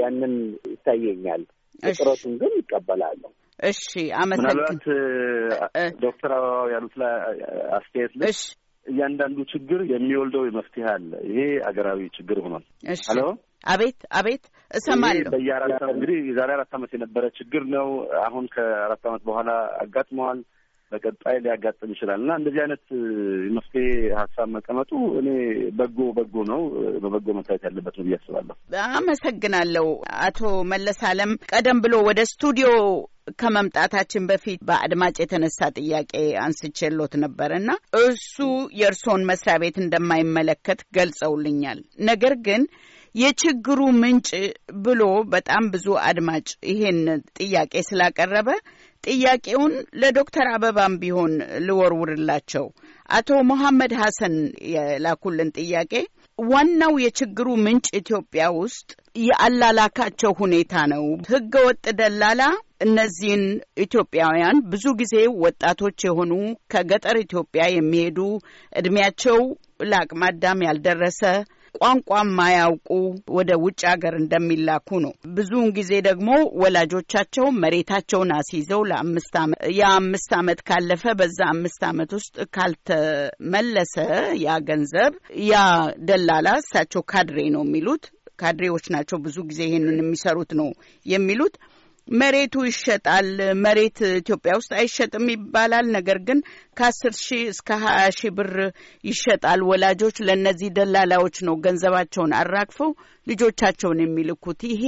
ያንን ይታየኛል። ጥረቱን ግን ይቀበላሉ። እሺ፣ አመሰግናለሁ። ምናልባት ዶክተር አበባው ያሉት ላይ አስተያየት ልሽ እያንዳንዱ ችግር የሚወልደው መፍትሄ አለ። ይሄ አገራዊ ችግር ሆኗል። አሎ፣ አቤት፣ አቤት፣ እሰማለሁ። በየአራት እንግዲህ የዛሬ አራት ዓመት የነበረ ችግር ነው። አሁን ከአራት ዓመት በኋላ አጋጥመዋል። በቀጣይ ሊያጋጥም ይችላል እና እንደዚህ አይነት መፍትሄ ሀሳብ መቀመጡ እኔ በጎ በጎ ነው፣ በበጎ መታየት ያለበት ነው ብዬ አስባለሁ። አመሰግናለሁ አቶ መለስ አለም። ቀደም ብሎ ወደ ስቱዲዮ ከመምጣታችን በፊት በአድማጭ የተነሳ ጥያቄ አንስቼሎት ነበር እና እሱ የእርስዎን መስሪያ ቤት እንደማይመለከት ገልጸውልኛል። ነገር ግን የችግሩ ምንጭ ብሎ በጣም ብዙ አድማጭ ይሄን ጥያቄ ስላቀረበ ጥያቄውን ለዶክተር አበባም ቢሆን ልወርውርላቸው። አቶ መሐመድ ሀሰን የላኩልን ጥያቄ ዋናው የችግሩ ምንጭ ኢትዮጵያ ውስጥ የአላላካቸው ሁኔታ ነው። ህገ ወጥ ደላላ እነዚህን ኢትዮጵያውያን ብዙ ጊዜ ወጣቶች የሆኑ ከገጠር ኢትዮጵያ የሚሄዱ እድሜያቸው ለአቅመ አዳም ያልደረሰ ቋንቋ ማያውቁ ወደ ውጭ ሀገር እንደሚላኩ ነው። ብዙውን ጊዜ ደግሞ ወላጆቻቸው መሬታቸውን አስይዘው ለአምስት ዓመት ያ አምስት ዓመት ካለፈ በዛ አምስት ዓመት ውስጥ ካልተመለሰ ያ ገንዘብ ያ ደላላ እሳቸው ካድሬ ነው የሚሉት ካድሬዎች ናቸው ብዙ ጊዜ ይህንን የሚሰሩት ነው የሚሉት መሬቱ ይሸጣል። መሬት ኢትዮጵያ ውስጥ አይሸጥም ይባላል። ነገር ግን ከአስር ሺህ እስከ ሀያ ሺህ ብር ይሸጣል። ወላጆች ለእነዚህ ደላላዎች ነው ገንዘባቸውን አራግፈው ልጆቻቸውን የሚልኩት። ይሄ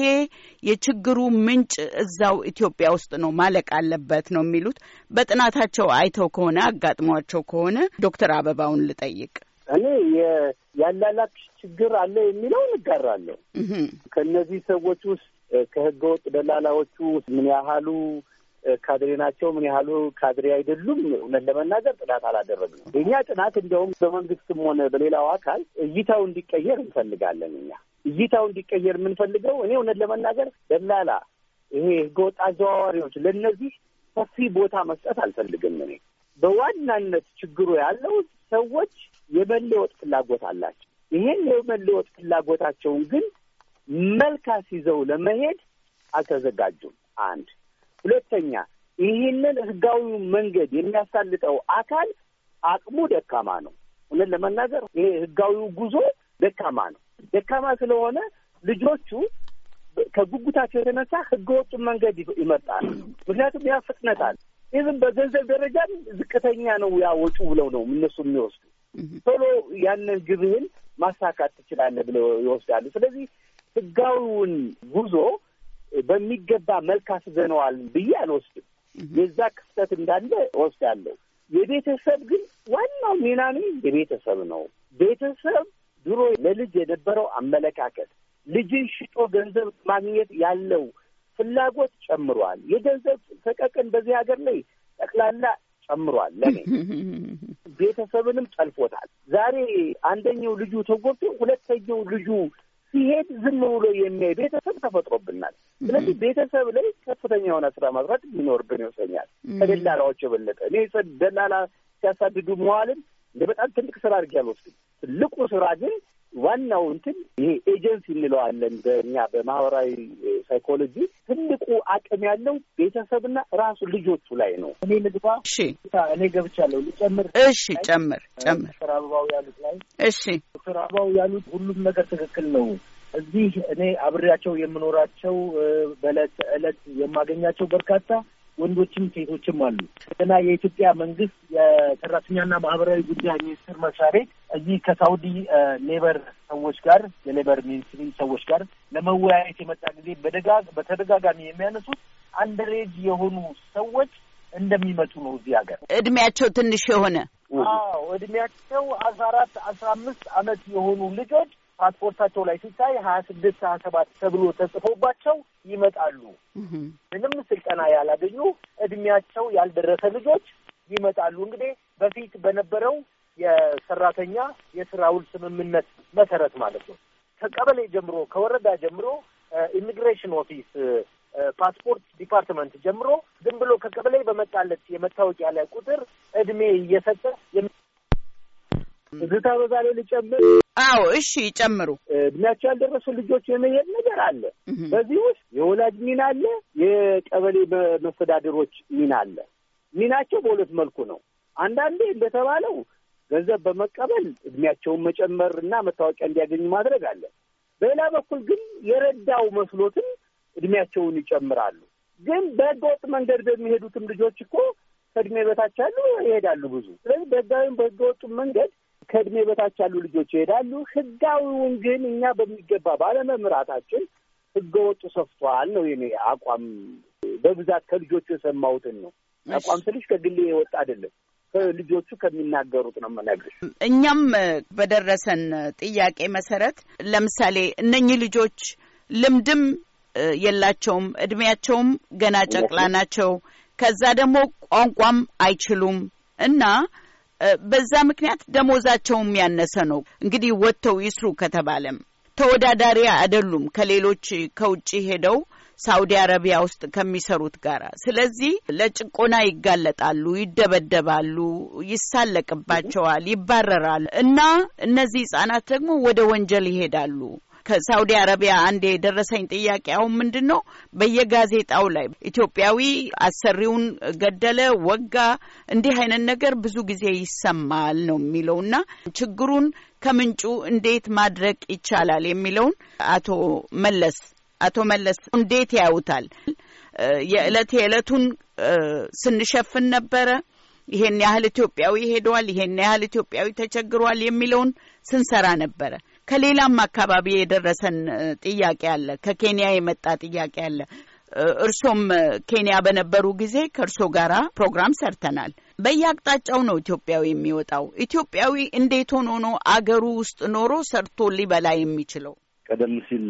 የችግሩ ምንጭ እዛው ኢትዮጵያ ውስጥ ነው፣ ማለቅ አለበት ነው የሚሉት። በጥናታቸው አይተው ከሆነ አጋጥሟቸው ከሆነ ዶክተር አበባውን ልጠይቅ። እኔ ያላላክ ችግር አለ የሚለውን እጋራለሁ። ከእነዚህ ሰዎች ውስጥ ከህገወጥ ደላላዎቹ ምን ያህሉ ካድሬ ናቸው፣ ምን ያህሉ ካድሬ አይደሉም፣ እውነት ለመናገር ጥናት አላደረግንም። የእኛ ጥናት እንዲያውም በመንግስትም ሆነ በሌላው አካል እይታው እንዲቀየር እንፈልጋለን። እኛ እይታው እንዲቀየር የምንፈልገው እኔ እውነት ለመናገር ደላላ፣ ይሄ ህገወጥ አዘዋዋሪዎች ለእነዚህ ሰፊ ቦታ መስጠት አልፈልግም። እኔ በዋናነት ችግሩ ያለው ሰዎች የመለወጥ ፍላጎት አላቸው። ይሄን የመለወጥ ፍላጎታቸውን ግን መልካስ ይዘው ለመሄድ አልተዘጋጁም። አንድ ሁለተኛ፣ ይህንን ህጋዊ መንገድ የሚያሳልጠው አካል አቅሙ ደካማ ነው። እውነት ለመናገር ይሄ ህጋዊ ጉዞ ደካማ ነው። ደካማ ስለሆነ ልጆቹ ከጉጉታቸው የተነሳ ህገወጡ መንገድ ይመርጣል። ምክንያቱም ያ ፍጥነት አለ። ይህም በገንዘብ ደረጃም ዝቅተኛ ነው ያወጩ ብለው ነው እነሱ የሚወስዱ ቶሎ ያንን ግብህን ማሳካት ትችላለህ ብለው ይወስዳሉ። ስለዚህ ህጋዊውን ጉዞ በሚገባ መልክ አስዘነዋል ብዬ አልወስድም። የዛ ክፍተት እንዳለ ወስዳለሁ። የቤተሰብ ግን ዋናው ሚና የቤተሰብ ነው። ቤተሰብ ድሮ ለልጅ የነበረው አመለካከት ልጅን ሽጦ ገንዘብ ማግኘት ያለው ፍላጎት ጨምሯል። የገንዘብ ፈቀቅን በዚህ ሀገር ላይ ጠቅላላ ጨምሯል። ለኔ ቤተሰብንም ጠልፎታል። ዛሬ አንደኛው ልጁ ተጎድቶ ሁለተኛው ልጁ ሲሄድ ዝም ብሎ የሚያይ ቤተሰብ ተፈጥሮብናል። ስለዚህ ቤተሰብ ላይ ከፍተኛ የሆነ ስራ ማስራት ሊኖርብን ይወሰኛል። ከደላላዎች የበለጠ እኔ ደላላ ሲያሳድዱ መዋልን እንደ በጣም ትልቅ ስራ አድርጌ አልወስድም። ትልቁ ስራ ግን ዋናው እንትን ይሄ ኤጀንሲ እንለዋለን በእኛ በማህበራዊ ሳይኮሎጂ ትልቁ አቅም ያለው ቤተሰብና ራሱ ልጆቹ ላይ ነው። እኔ ልግባ፣ እሺ፣ እኔ ገብቻለሁ። ልጨምር፣ እሺ፣ ጨምር ጨምር። ዶክተር አበባው ያሉት ላይ እሺ፣ ዶክተር አበባው ያሉት ሁሉም ነገር ትክክል ነው። እዚህ እኔ አብሬያቸው የምኖራቸው በዕለት ዕለት የማገኛቸው በርካታ ወንዶችም ሴቶችም አሉ ገና የኢትዮጵያ መንግስት የሰራተኛና ማህበራዊ ጉዳይ ሚኒስቴር መስሪያ ቤት እዚህ ከሳውዲ ሌበር ሰዎች ጋር የሌበር ሚኒስትሪ ሰዎች ጋር ለመወያየት የመጣ ጊዜ በተደጋጋሚ የሚያነሱት አንደሬጅ የሆኑ ሰዎች እንደሚመጡ ነው። እዚህ ሀገር እድሜያቸው ትንሽ የሆነ አዎ እድሜያቸው አስራ አራት አስራ አምስት አመት የሆኑ ልጆች ፓስፖርታቸው ላይ ሲታይ ሀያ ስድስት ሀያ ሰባት ተብሎ ተጽፎባቸው ይመጣሉ። ምንም ስልጠና ያላገኙ እድሜያቸው ያልደረሰ ልጆች ይመጣሉ። እንግዲህ በፊት በነበረው የሰራተኛ የስራ ውል ስምምነት መሰረት ማለት ነው ከቀበሌ ጀምሮ ከወረዳ ጀምሮ ኢሚግሬሽን ኦፊስ ፓስፖርት ዲፓርትመንት ጀምሮ ዝም ብሎ ከቀበሌ በመጣለት የመታወቂያ ላይ ቁጥር እድሜ እየሰጠ ትዝታ በዛ ላይ ልጨምር። አዎ እሺ ይጨምሩ። እድሜያቸው ያልደረሱ ልጆች የመሄድ ነገር አለ። በዚህ ውስጥ የወላጅ ሚና አለ፣ የቀበሌ መስተዳድሮች ሚና አለ። ሚናቸው በሁለት መልኩ ነው። አንዳንዴ እንደተባለው ገንዘብ በመቀበል እድሜያቸውን መጨመር እና መታወቂያ እንዲያገኙ ማድረግ አለ። በሌላ በኩል ግን የረዳው መስሎትም እድሜያቸውን ይጨምራሉ። ግን በህገወጥ መንገድ በሚሄዱትም ልጆች እኮ ከእድሜ በታች ያሉ ይሄዳሉ ብዙ። ስለዚህ በህጋዊም በህገወጡም መንገድ ከእድሜ በታች ያሉ ልጆች ይሄዳሉ። ህጋዊውን ግን እኛ በሚገባ ባለመምራታችን ህገወጡ ሰፍቷል ነው የኔ አቋም። በብዛት ከልጆቹ የሰማሁትን ነው አቋም ስልሽ ከግሌ የወጣ አይደለም። ልጆቹ ከሚናገሩት ነው የምነግርሽ። እኛም በደረሰን ጥያቄ መሰረት ለምሳሌ እነኚህ ልጆች ልምድም የላቸውም፣ እድሜያቸውም ገና ጨቅላ ናቸው። ከዛ ደግሞ ቋንቋም አይችሉም እና በዛ ምክንያት ደሞዛቸውም ያነሰ ነው። እንግዲህ ወጥተው ይስሩ ከተባለም ተወዳዳሪ አይደሉም ከሌሎች ከውጭ ሄደው ሳውዲ አረቢያ ውስጥ ከሚሰሩት ጋር። ስለዚህ ለጭቆና ይጋለጣሉ፣ ይደበደባሉ፣ ይሳለቅባቸዋል፣ ይባረራሉ እና እነዚህ ህጻናት ደግሞ ወደ ወንጀል ይሄዳሉ። ከሳውዲ አረቢያ አንድ የደረሰኝ ጥያቄ አሁን ምንድን ነው በየጋዜጣው ላይ ኢትዮጵያዊ አሰሪውን ገደለ፣ ወጋ፣ እንዲህ አይነት ነገር ብዙ ጊዜ ይሰማል ነው የሚለው እና ችግሩን ከምንጩ እንዴት ማድረግ ይቻላል የሚለውን አቶ መለስ አቶ መለስ እንዴት ያዩታል? የዕለት የዕለቱን ስንሸፍን ነበረ። ይሄን ያህል ኢትዮጵያዊ ሄደዋል፣ ይሄን ያህል ኢትዮጵያዊ ተቸግሯል የሚለውን ስንሰራ ነበረ። ከሌላም አካባቢ የደረሰን ጥያቄ አለ። ከኬንያ የመጣ ጥያቄ አለ። እርሶም ኬንያ በነበሩ ጊዜ ከእርሶ ጋራ ፕሮግራም ሰርተናል። በየአቅጣጫው ነው ኢትዮጵያዊ የሚወጣው። ኢትዮጵያዊ እንዴት ሆኖ ነው አገሩ ውስጥ ኖሮ ሰርቶ ሊበላ የሚችለው? ቀደም ሲል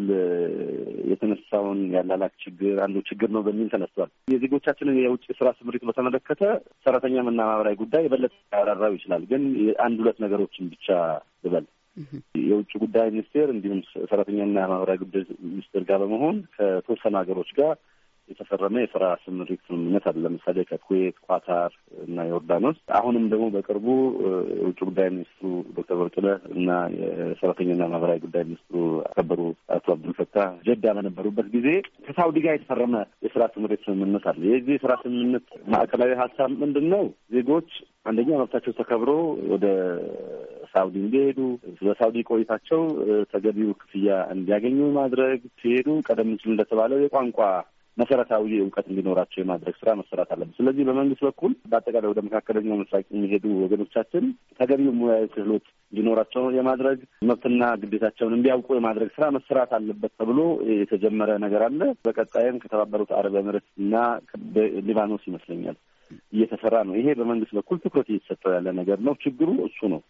የተነሳውን ያላላክ ችግር አንዱ ችግር ነው በሚል ተነስቷል። የዜጎቻችንን የውጭ ስራ ስምሪት በተመለከተ ሰራተኛ እና ማህበራዊ ጉዳይ የበለጠ ያራራው ይችላል። ግን አንድ ሁለት ነገሮችን ብቻ ልበል። የውጭ ጉዳይ ሚኒስቴር እንዲሁም ሰራተኛና ማህበራዊ ጉዳይ ሚኒስቴር ጋር በመሆን ከተወሰኑ ሀገሮች ጋር የተፈረመ የስራ ስምሪት ስምምነት አለ። ለምሳሌ ከኩዌት፣ ኳታር እና ዮርዳኖስ። አሁንም ደግሞ በቅርቡ የውጭ ጉዳይ ሚኒስትሩ ዶክተር ወርቅለ እና የሰራተኛና ማህበራዊ ጉዳይ ሚኒስትሩ አከበሩ አቶ አብዱልፈታ ጀዳ በነበሩበት ጊዜ ከሳውዲ ጋር የተፈረመ የስራ ስምሪት ስምምነት አለ። የዚህ የስራ ስምምነት ማዕከላዊ ሀሳብ ምንድን ነው? ዜጎች አንደኛ መብታቸው ተከብሮ ወደ ሳውዲ እንዲሄዱ በሳውዲ ቆይታቸው ተገቢው ክፍያ እንዲያገኙ ማድረግ ሲሄዱ ቀደም ሲል እንደተባለው የቋንቋ መሰረታዊ እውቀት እንዲኖራቸው የማድረግ ስራ መሰራት አለበት። ስለዚህ በመንግስት በኩል በአጠቃላይ ወደ መካከለኛው ምስራቅ የሚሄዱ ወገኖቻችን ተገቢው ሙያዊ ክህሎት እንዲኖራቸው የማድረግ መብትና ግዴታቸውን እንዲያውቁ የማድረግ ስራ መሰራት አለበት ተብሎ የተጀመረ ነገር አለ። በቀጣይም ከተባበሩት አረብ ኤምሬትስ እና ሊባኖስ ይመስለኛል እየተሰራ ነው። ይሄ በመንግስት በኩል ትኩረት እየተሰጠው ያለ ነገር ነው። ችግሩ እሱ ነው።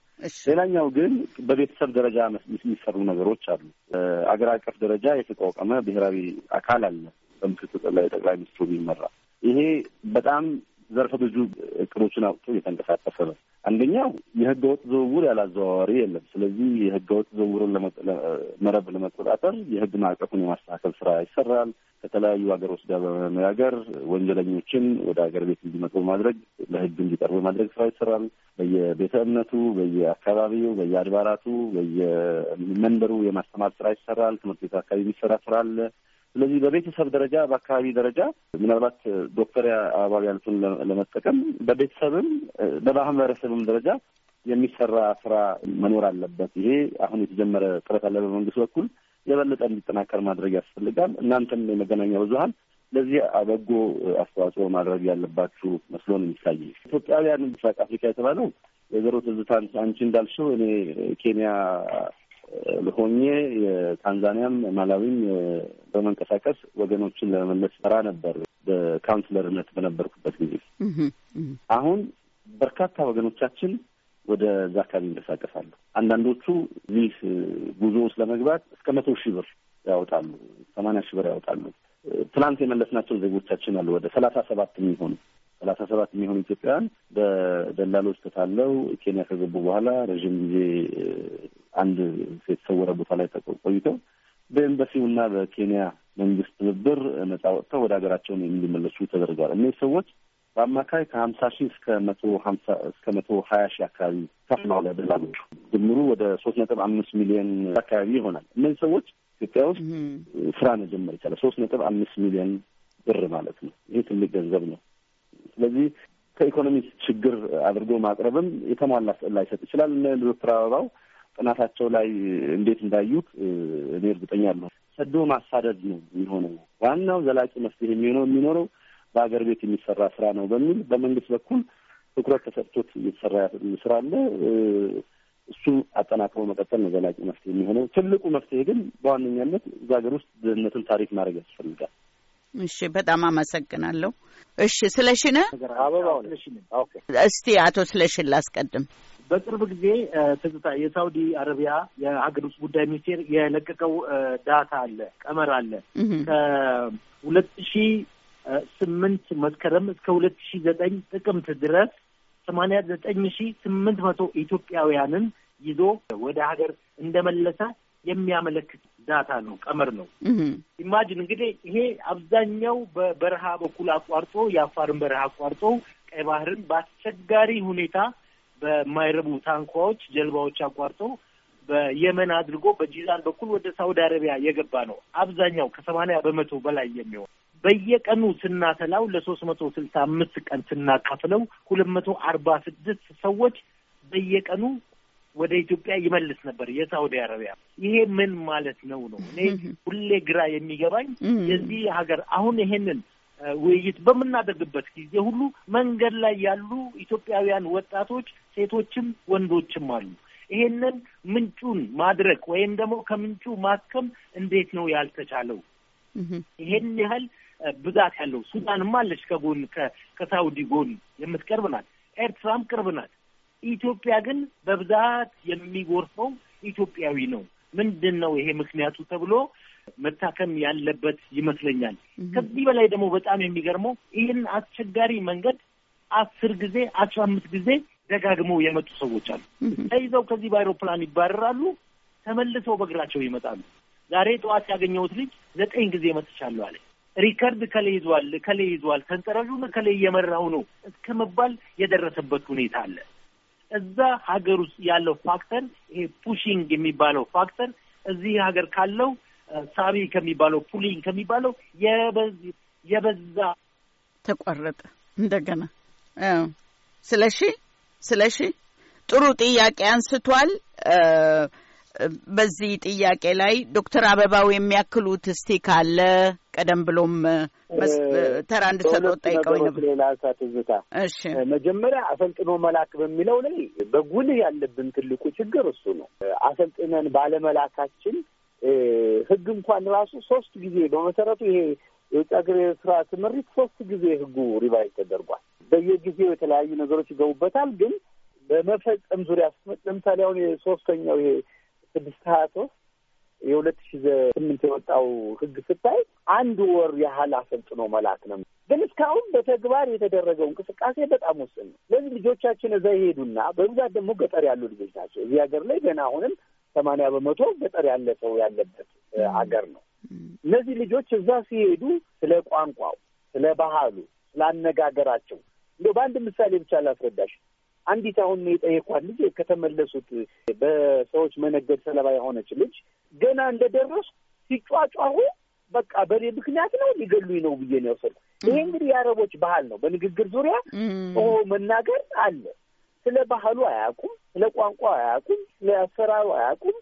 ሌላኛው ግን በቤተሰብ ደረጃ የሚሰሩ ነገሮች አሉ። አገር አቀፍ ደረጃ የተቋቋመ ብሔራዊ አካል አለ። በምክትል ጠቅላይ ጠቅላይ ሚኒስትሩ የሚመራ ይሄ በጣም ዘርፈ ብዙ እቅዶችን አውጥቶ እየተንቀሳቀሰ ነው። አንደኛው የህገ ወጥ ዝውውር ያላዘዋዋሪ የለም። ስለዚህ የህገ ወጥ ዝውውሩን መረብ ለመቆጣጠር የህግ ማዕቀፉን የማስተካከል ስራ ይሰራል። ከተለያዩ ሀገሮች ጋር በመነጋገር ወንጀለኞችን ወደ ሀገር ቤት እንዲመጡ በማድረግ ለህግ እንዲቀርቡ ማድረግ ስራ ይሰራል። በየቤተ እምነቱ፣ በየአካባቢው፣ በየአድባራቱ፣ በየመንበሩ የማስተማር ስራ ይሰራል። ትምህርት ቤት አካባቢ የሚሰራ ስራ አለ። ስለዚህ በቤተሰብ ደረጃ በአካባቢ ደረጃ ምናልባት ዶክተር አበባው ያሉትን ለመጠቀም በቤተሰብም በማህበረሰብም ደረጃ የሚሰራ ስራ መኖር አለበት። ይሄ አሁን የተጀመረ ጥረት አለ በመንግስት በኩል የበለጠ እንዲጠናከር ማድረግ ያስፈልጋል። እናንተም የመገናኛ ብዙሀን ለዚህ በጎ አስተዋጽኦ ማድረግ ያለባችሁ መስሎን የሚታይ ኢትዮጵያውያን ምስራቅ አፍሪካ የተባለው የዘሮ ትዝታ አንቺ እንዳልሽው እኔ ኬንያ ልሆኜ የታንዛኒያም ማላዊም በመንቀሳቀስ ወገኖችን ለመመለስ ስራ ነበር በካውንስለርነት በነበርኩበት ጊዜ። አሁን በርካታ ወገኖቻችን ወደዛ አካባቢ ይንቀሳቀሳሉ። አንዳንዶቹ ይህ ጉዞ ውስጥ ለመግባት እስከ መቶ ሺህ ብር ያወጣሉ፣ ሰማንያ ሺህ ብር ያወጣሉ። ትናንት የመለስናቸው ዜጎቻችን አሉ ወደ ሰላሳ ሰባት የሚሆኑ ሰላሳ ሰባት የሚሆኑ ኢትዮጵያውያን በደላሎች ተታለው ኬንያ ከገቡ በኋላ ረዥም ጊዜ አንድ የተሰወረ ቦታ ላይ ቆይተው በኤምባሲውና በኬንያ መንግስት ትብብር ነጻ ወጥተው ወደ ሀገራቸውን እንዲመለሱ ተደርገዋል። እነዚህ ሰዎች በአማካይ ከሀምሳ ሺህ እስከ መቶ ሀምሳ እስከ መቶ ሀያ ሺህ አካባቢ ከፍ ነው ድምሩ ወደ ሶስት ነጥብ አምስት ሚሊዮን አካባቢ ይሆናል። እነዚህ ሰዎች ኢትዮጵያ ውስጥ ስራ መጀመር ይቻላል። ሶስት ነጥብ አምስት ሚሊዮን ብር ማለት ነው። ይህ ትልቅ ገንዘብ ነው። ስለዚህ ከኢኮኖሚ ችግር አድርጎ ማቅረብም የተሟላ ስዕል ላይሰጥ ይችላል። እነ ዶክተር አበባው ጥናታቸው ላይ እንዴት እንዳዩት እኔ እርግጠኛ አለሁ። ሰዶ ማሳደድ ነው የሚሆነው። ዋናው ዘላቂ መፍትሄ የሚሆነው የሚኖረው በሀገር ቤት የሚሰራ ስራ ነው በሚል በመንግስት በኩል ትኩረት ተሰጥቶት እየተሰራ ስራ አለ። እሱ አጠናክሮ መቀጠል ነው ዘላቂ መፍትሄ የሚሆነው። ትልቁ መፍትሄ ግን በዋነኛነት እዛ ሀገር ውስጥ ድህነትን ታሪክ ማድረግ ያስፈልጋል። እሺ፣ በጣም አመሰግናለሁ። እሺ፣ ስለሽነ አበባው እስቲ አቶ ስለሽን ላስቀድም። በቅርብ ጊዜ ትዝታ የሳውዲ አረቢያ የሀገር ውስጥ ጉዳይ ሚኒስቴር የለቀቀው ዳታ አለ፣ ቀመር አለ ከሁለት ሺ ስምንት መስከረም እስከ ሁለት ሺ ዘጠኝ ጥቅምት ድረስ ሰማንያ ዘጠኝ ሺ ስምንት መቶ ኢትዮጵያውያንን ይዞ ወደ ሀገር እንደመለሰ የሚያመለክት ዳታ ነው፣ ቀመር ነው። ኢማጅን እንግዲህ ይሄ አብዛኛው በበረሃ በኩል አቋርጦ የአፋርን በረሃ አቋርጦ ቀይ ባህርን በአስቸጋሪ ሁኔታ በማይረቡ ታንኳዎች ጀልባዎች አቋርጦ በየመን አድርጎ በጂዛን በኩል ወደ ሳውዲ አረቢያ የገባ ነው። አብዛኛው ከሰማንያ በመቶ በላይ የሚሆን በየቀኑ ስናተላው ለሶስት መቶ ስልሳ አምስት ቀን ስናካፍለው ሁለት መቶ አርባ ስድስት ሰዎች በየቀኑ ወደ ኢትዮጵያ ይመልስ ነበር የሳውዲ አረቢያ። ይሄ ምን ማለት ነው ነው እኔ ሁሌ ግራ የሚገባኝ የዚህ ሀገር አሁን ይሄንን ውይይት በምናደርግበት ጊዜ ሁሉ መንገድ ላይ ያሉ ኢትዮጵያውያን ወጣቶች ሴቶችም ወንዶችም አሉ። ይሄንን ምንጩን ማድረግ ወይም ደግሞ ከምንጩ ማከም እንዴት ነው ያልተቻለው? ይሄን ያህል ብዛት ያለው ሱዳንም አለች ከጎን ከሳውዲ ጎን የምትቀርብ ናት። ኤርትራም ቅርብ ናት። ኢትዮጵያ ግን በብዛት የሚጎርፈው ኢትዮጵያዊ ነው። ምንድን ነው ይሄ ምክንያቱ ተብሎ መታከም ያለበት ይመስለኛል። ከዚህ በላይ ደግሞ በጣም የሚገርመው ይህን አስቸጋሪ መንገድ አስር ጊዜ አስራ አምስት ጊዜ ደጋግመው የመጡ ሰዎች አሉ። ተይዘው ከዚህ በአይሮፕላን ይባረራሉ፣ ተመልሰው በእግራቸው ይመጣሉ። ዛሬ ጠዋት ያገኘሁት ልጅ ዘጠኝ ጊዜ መጥቻለሁ አለ። ሪከርድ ከላይ ይዟል፣ ከላይ ይዟል፣ ሰንጠረዡን ከላይ እየመራው ነው እስከ መባል የደረሰበት ሁኔታ አለ። እዛ ሀገር ውስጥ ያለው ፋክተር ይሄ ፑሽንግ የሚባለው ፋክተር እዚህ ሀገር ካለው ሳቢ ከሚባለው ፑሊንግ ከሚባለው የበዛ ተቋረጠ። እንደገና ስለሺ ስለሺ ጥሩ ጥያቄ አንስቷል። በዚህ ጥያቄ ላይ ዶክተር አበባው የሚያክሉት እስቲ ካለ ቀደም ብሎም ተራ እንድሰጠው ጠይቀው ነበር። ሌላ ትዝታ። እሺ መጀመሪያ አሰልጥኖ መላክ በሚለው ላይ በጉልህ ያለብን ትልቁ ችግር እሱ ነው። አሰልጥነን ባለመላካችን ህግ እንኳን ራሱ ሶስት ጊዜ በመሰረቱ ይሄ የውጭ ሀገር የስራ ስምሪት ሶስት ጊዜ ህጉ ሪቫይዝ ተደርጓል። በየጊዜው የተለያዩ ነገሮች ይገቡበታል። ግን በመፈጸም ዙሪያ ስትመጥ ለምሳሌ አሁን የሶስተኛው ይሄ ስድስት ሀያ ሶስት የሁለት ሺ ስምንት የወጣው ህግ ስታይ አንድ ወር ያህል አሰልጥኖ መላክ ነው። ግን እስካሁን በተግባር የተደረገው እንቅስቃሴ በጣም ውስን ነው። ስለዚህ ልጆቻችን እዛ ይሄዱና በብዛት ደግሞ ገጠር ያሉ ልጆች ናቸው። እዚህ ሀገር ላይ ገና አሁንም ሰማንያ በመቶ ገጠር ያለ ሰው ያለበት አገር ነው። እነዚህ ልጆች እዛ ሲሄዱ ስለ ቋንቋው፣ ስለ ባህሉ፣ ስለ አነጋገራቸው እንደ በአንድ ምሳሌ ብቻ ላስረዳሽ። አንዲት አሁን የጠየኳት ልጅ ከተመለሱት በሰዎች መነገድ ሰለባ የሆነች ልጅ ገና እንደደረሱ ሲጫጫሁ በቃ በሬ ምክንያት ነው ሊገሉኝ ነው ብዬ ነው የወሰድኩት። ይሄ እንግዲህ የአረቦች ባህል ነው። በንግግር ዙሪያ መናገር አለ ስለ ባህሉ አያውቁም፣ ስለ ቋንቋ አያውቁም፣ ስለ አሰራሩ አያውቁም።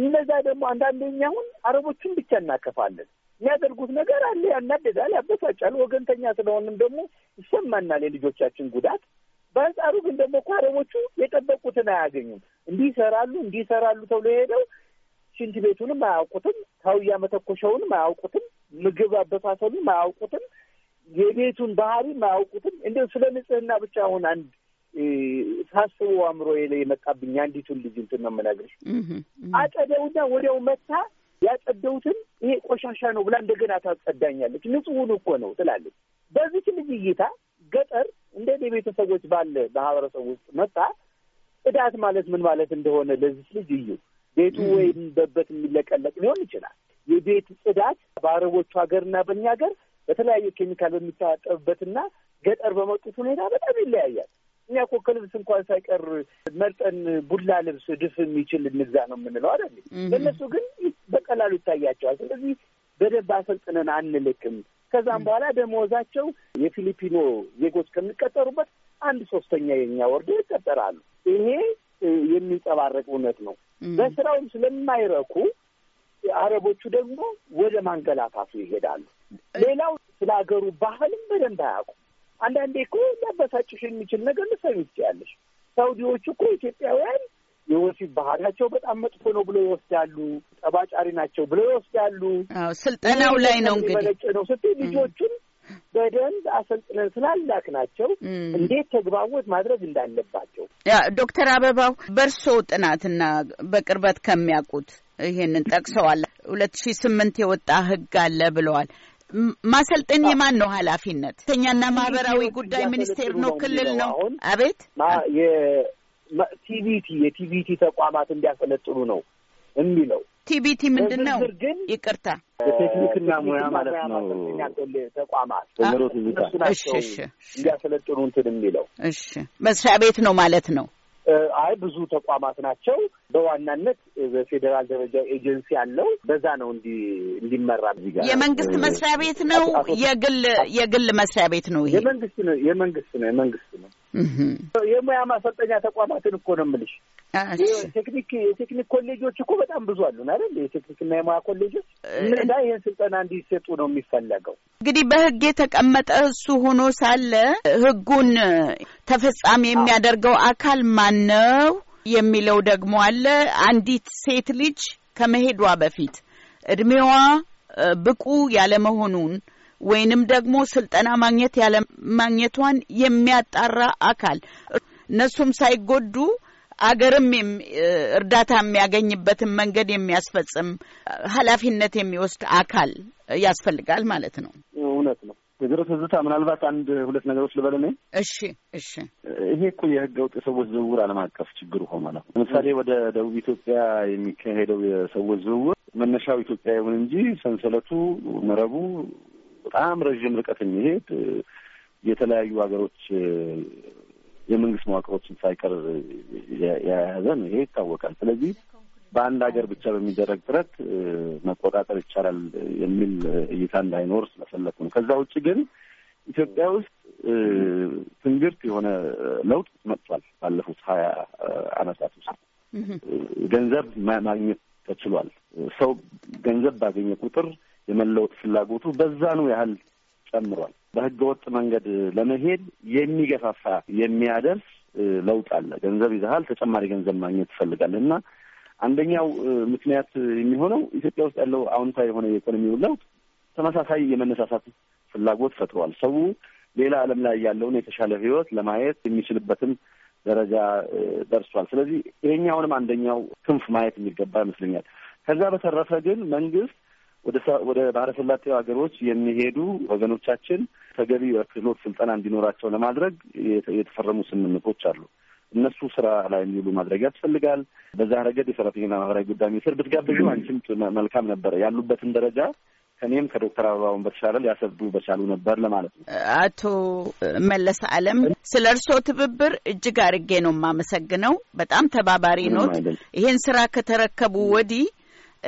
እነዛ ደግሞ አንዳንደኛ አሁን አረቦችን ብቻ እናከፋለን። የሚያደርጉት ነገር አለ፣ ያናደዳል፣ ያበሳጫል። ወገንተኛ ስለሆንም ደግሞ ይሰማናል የልጆቻችን ጉዳት። በአንጻሩ ግን ደግሞ እኮ አረቦቹ የጠበቁትን አያገኙም። እንዲህ ይሰራሉ እንዲህ ይሰራሉ ተብሎ ሄደው ሽንት ቤቱንም አያውቁትም፣ ታውያ መተኮሻውንም አያውቁትም፣ ምግብ አበሳሰሉንም አያውቁትም፣ የቤቱን ባህሪም አያውቁትም። እንዲያው ስለ ንጽህና ብቻ አሁን አንድ ሳስቡ አእምሮ ላይ የመጣብኝ አንዲቱን ልጅ እንትን ነው የምነግርሽ። አጠደውና ወዲያው መታ ያጸደውትን ይሄ ቆሻሻ ነው ብላ እንደገና ታጸዳኛለች። ንጹሑን እኮ ነው ትላለች። በዚች ልጅ እይታ ገጠር እንደ ቤተሰቦች ባለ ማህበረሰብ ውስጥ መጣ ጽዳት ማለት ምን ማለት እንደሆነ ለዚች ልጅ እዩ። ቤቱ ወይም በበት የሚለቀለቅ ሊሆን ይችላል። የቤት ጽዳት በአረቦቹ ሀገርና በእኛ ሀገር በተለያየ ኬሚካል በሚታጠብበትና ገጠር በመጡት ሁኔታ በጣም ይለያያል። እኛ እኮ ከልብስ እንኳን ሳይቀር መርጠን ቡላ ልብስ ድፍ የሚችል እንግዛ ነው የምንለው አይደል? ለእነሱ ግን በቀላሉ ይታያቸዋል። ስለዚህ በደንብ አሰልጥነን አንልክም። ከዛም በኋላ ደመወዛቸው የፊሊፒኖ ዜጎች ከሚቀጠሩበት አንድ ሶስተኛ የኛ ወርዶ ይቀጠራሉ። ይሄ የሚንጸባረቅ እውነት ነው። በስራውም ስለማይረኩ አረቦቹ ደግሞ ወደ ማንገላታቱ ይሄዳሉ። ሌላው ስለ ሀገሩ ባህልም በደንብ አያውቁም። አንዳንዴ እኮ ሊያበሳጭሽ የሚችል ነገር ልትሰሚ ትችያለሽ። ሳውዲዎቹ እኮ ኢትዮጵያውያን የወሲብ ባህሪያቸው በጣም መጥፎ ነው ብሎ ይወስዳሉ። ጠባጫሪ ናቸው ብሎ ይወስዳሉ። ስልጠናው ላይ ነው እንግዲህ ነው ስት ልጆቹን በደንብ አሰልጥነን ስላላክ ናቸው እንዴት ተግባቦት ማድረግ እንዳለባቸው። ዶክተር አበባው በእርሶ ጥናትና በቅርበት ከሚያውቁት ይህንን ጠቅሰዋል። ሁለት ሺ ስምንት የወጣ ህግ አለ ብለዋል። ማሰልጠን የማን ነው ኃላፊነት? ተኛና ማህበራዊ ጉዳይ ሚኒስቴር ነው? ክልል ነው? አቤት ቲቪቲ የቲቪቲ ተቋማት እንዲያሰለጥኑ ነው የሚለው። ቲቪቲ ምንድን ነው? ግን ይቅርታ ቴክኒክና ሙያ ማለት ነው። ተቋማት እነሱ ናቸው እንዲያሰለጥኑ እንትን የሚለው። እሺ መስሪያ ቤት ነው ማለት ነው። አይ ብዙ ተቋማት ናቸው። በዋናነት በፌዴራል ደረጃ ኤጀንሲ ያለው በዛ ነው እንዲመራ። እዚህ ጋር የመንግስት መስሪያ ቤት ነው የግል የግል መስሪያ ቤት ነው ይሄ የመንግስት ነው የመንግስት ነው የመንግስት ነው የሙያ ማሰልጠኛ ተቋማትን እኮ ነው የምልሽ። ቴክኒክ የቴክኒክ ኮሌጆች እኮ በጣም ብዙ አሉን አይደል? የቴክኒክና የሙያ ኮሌጆች እና ይህን ስልጠና እንዲሰጡ ነው የሚፈለገው። እንግዲህ በህግ የተቀመጠ እሱ ሆኖ ሳለ ህጉን ተፈጻሚ የሚያደርገው አካል ማን ነው የሚለው ደግሞ አለ። አንዲት ሴት ልጅ ከመሄዷ በፊት እድሜዋ ብቁ ያለመሆኑን ወይንም ደግሞ ስልጠና ማግኘት ያለ ማግኘቷን የሚያጣራ አካል እነሱም ሳይጎዱ አገርም እርዳታ የሚያገኝበትን መንገድ የሚያስፈጽም ኃላፊነት የሚወስድ አካል ያስፈልጋል ማለት ነው። እውነት ነው። ወይዘሮ ትዝታ ምናልባት አንድ ሁለት ነገሮች ልበል እኔ። እሺ፣ እሺ። ይሄ እኮ የህገ ወጥ የሰዎች ዝውውር ዓለም አቀፍ ችግር ሆኖ ነው። ለምሳሌ ወደ ደቡብ ኢትዮጵያ የሚካሄደው የሰዎች ዝውውር መነሻው ኢትዮጵያ ይሁን እንጂ ሰንሰለቱ መረቡ በጣም ረዥም ርቀት የሚሄድ የተለያዩ ሀገሮች የመንግስት መዋቅሮችን ሳይቀር የያዘን ይሄ ይታወቃል። ስለዚህ በአንድ ሀገር ብቻ በሚደረግ ጥረት መቆጣጠር ይቻላል የሚል እይታ እንዳይኖር ስለፈለኩ ነው። ከዛ ውጭ ግን ኢትዮጵያ ውስጥ ትንግርት የሆነ ለውጥ መጥቷል። ባለፉት ሀያ አመታት ውስጥ ገንዘብ ማግኘት ተችሏል። ሰው ገንዘብ ባገኘ ቁጥር የመለወጥ ፍላጎቱ በዛኑ ያህል ጨምሯል። በህገወጥ መንገድ ለመሄድ የሚገፋፋ የሚያደርስ ለውጥ አለ። ገንዘብ ይዘሃል፣ ተጨማሪ ገንዘብ ማግኘት ትፈልጋለህ እና አንደኛው ምክንያት የሚሆነው ኢትዮጵያ ውስጥ ያለው አዎንታዊ የሆነ የኢኮኖሚው ለውጥ ተመሳሳይ የመነሳሳት ፍላጎት ፈጥሯል። ሰው ሌላ ዓለም ላይ ያለውን የተሻለ ህይወት ለማየት የሚችልበትም ደረጃ ደርሷል። ስለዚህ ይሄኛውንም አንደኛው ክንፍ ማየት የሚገባ ይመስለኛል። ከዛ በተረፈ ግን መንግስት ወደ ባህረ ሰላጤው ሀገሮች የሚሄዱ ወገኖቻችን ተገቢ ክህሎት ስልጠና እንዲኖራቸው ለማድረግ የተፈረሙ ስምምነቶች አሉ። እነሱ ስራ ላይ የሚውሉ ማድረግ ያስፈልጋል። በዛ ረገድ የሰራተኛና ማህበራዊ ጉዳይ ሚኒስትር ብትጋብዙ አንቺም መልካም ነበረ። ያሉበትን ደረጃ ከኔም ከዶክተር አበባውን በተሻለ ሊያስረዱ በቻሉ ነበር ለማለት ነው። አቶ መለስ አለም ስለ እርስዎ ትብብር እጅግ አርጌ ነው የማመሰግነው። በጣም ተባባሪ ኖት። ይሄን ስራ ከተረከቡ ወዲህ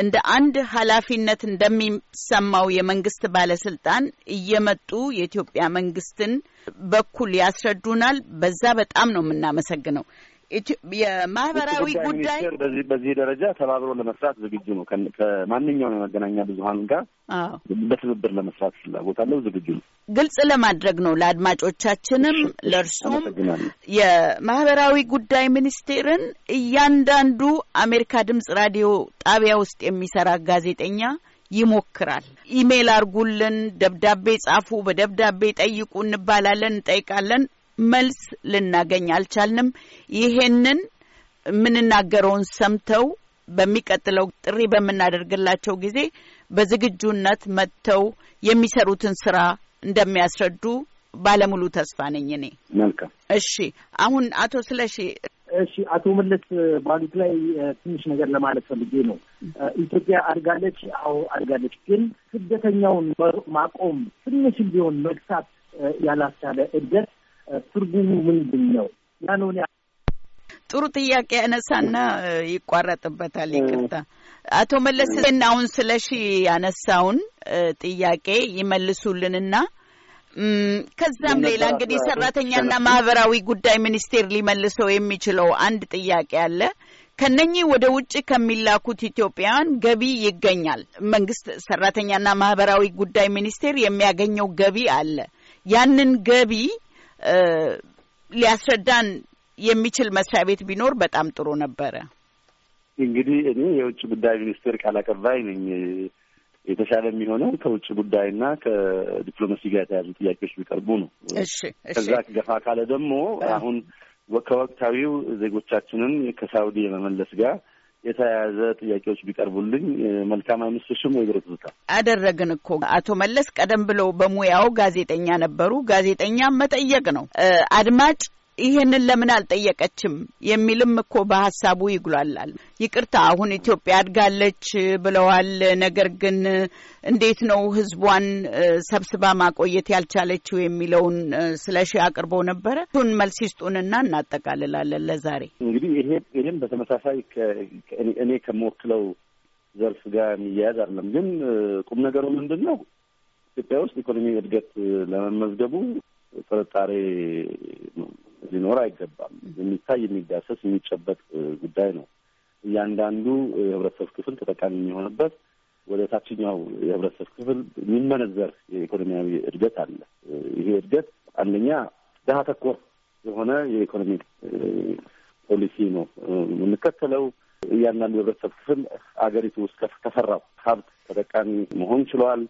እንደ አንድ ኃላፊነት እንደሚሰማው የመንግስት ባለስልጣን እየመጡ የኢትዮጵያ መንግስትን በኩል ያስረዱናል። በዛ በጣም ነው የምናመሰግነው። የማህበራዊ ጉዳይ በዚህ በዚህ ደረጃ ተባብሮ ለመስራት ዝግጁ ነው። ከማንኛውም የመገናኛ ብዙሀን ጋር በትብብር ለመስራት ፍላጎት አለው፣ ዝግጁ ነው። ግልጽ ለማድረግ ነው ለአድማጮቻችንም ለእርሱም። የማህበራዊ ጉዳይ ሚኒስቴርን እያንዳንዱ አሜሪካ ድምጽ ራዲዮ ጣቢያ ውስጥ የሚሰራ ጋዜጠኛ ይሞክራል። ኢሜይል አርጉልን፣ ደብዳቤ ጻፉ፣ በደብዳቤ ጠይቁ እንባላለን፣ እንጠይቃለን። መልስ ልናገኝ አልቻልንም። ይሄንን የምንናገረውን ሰምተው በሚቀጥለው ጥሪ በምናደርግላቸው ጊዜ በዝግጁነት መጥተው የሚሰሩትን ስራ እንደሚያስረዱ ባለሙሉ ተስፋ ነኝ እኔ። መልካም። እሺ፣ አሁን አቶ ስለሺ እሺ አቶ መለስ ባሉት ላይ ትንሽ ነገር ለማለት ፈልጌ ነው። ኢትዮጵያ አድጋለች። አዎ አድጋለች፣ ግን ስደተኛውን ማቆም ትንሽ ቢሆን መግሳት ያላስቻለ እድገት ትርጉሙ ምንድን ነው? ያን ጥሩ ጥያቄ ያነሳና ይቋረጥበታል። ይቅርታ አቶ መለስ አሁን ስለ ሺ ያነሳውን ጥያቄ ይመልሱልንና ከዛም ሌላ እንግዲህ ሰራተኛና ማህበራዊ ጉዳይ ሚኒስቴር ሊመልሰው የሚችለው አንድ ጥያቄ አለ። ከነኚህ ወደ ውጭ ከሚላኩት ኢትዮጵያውያን ገቢ ይገኛል። መንግስት ሰራተኛና ማህበራዊ ጉዳይ ሚኒስቴር የሚያገኘው ገቢ አለ። ያንን ገቢ ሊያስረዳን የሚችል መስሪያ ቤት ቢኖር በጣም ጥሩ ነበረ። እንግዲህ እኔ የውጭ ጉዳይ ሚኒስቴር ቃል አቀባይ ነኝ። የተሻለ የሚሆነው ከውጭ ጉዳይና ከዲፕሎማሲ ጋር የተያዙ ጥያቄዎች ቢቀርቡ ነው። ከዛ ገፋ ካለ ደግሞ አሁን ከወቅታዊው ዜጎቻችንን ከሳውዲ የመመለስ ጋር የተያያዘ ጥያቄዎች ቢቀርቡልኝ መልካም አይመስልሽም ወይ? ብረት ዝታ አደረግን እኮ አቶ መለስ ቀደም ብለው በሙያው ጋዜጠኛ ነበሩ። ጋዜጠኛ መጠየቅ ነው። አድማጭ ይሄንን ለምን አልጠየቀችም የሚልም እኮ በሀሳቡ ይጉላላል። ይቅርታ አሁን ኢትዮጵያ አድጋለች ብለዋል። ነገር ግን እንዴት ነው ህዝቧን ሰብስባ ማቆየት ያልቻለችው የሚለውን ስለ ሺ አቅርቦ ነበረ። እሱን መልስ ይስጡንና እናጠቃልላለን ለዛሬ። እንግዲህ ይሄ ይህም በተመሳሳይ እኔ ከምወክለው ዘርፍ ጋር የሚያያዝ አይደለም። ግን ቁም ነገሩ ምንድን ነው? ኢትዮጵያ ውስጥ ኢኮኖሚ እድገት ለመመዝገቡ ጥርጣሬ ሊኖር አይገባም። የሚታይ የሚዳሰስ የሚጨበጥ ጉዳይ ነው። እያንዳንዱ የህብረተሰብ ክፍል ተጠቃሚ የሚሆንበት ወደ ታችኛው የህብረተሰብ ክፍል የሚመነዘር የኢኮኖሚያዊ እድገት አለ። ይሄ እድገት አንደኛ ድሀ ተኮር የሆነ የኢኮኖሚ ፖሊሲ ነው የምንከተለው። እያንዳንዱ የህብረተሰብ ክፍል አገሪቱ ውስጥ ከሰራው ሀብት ተጠቃሚ መሆን ችሏል።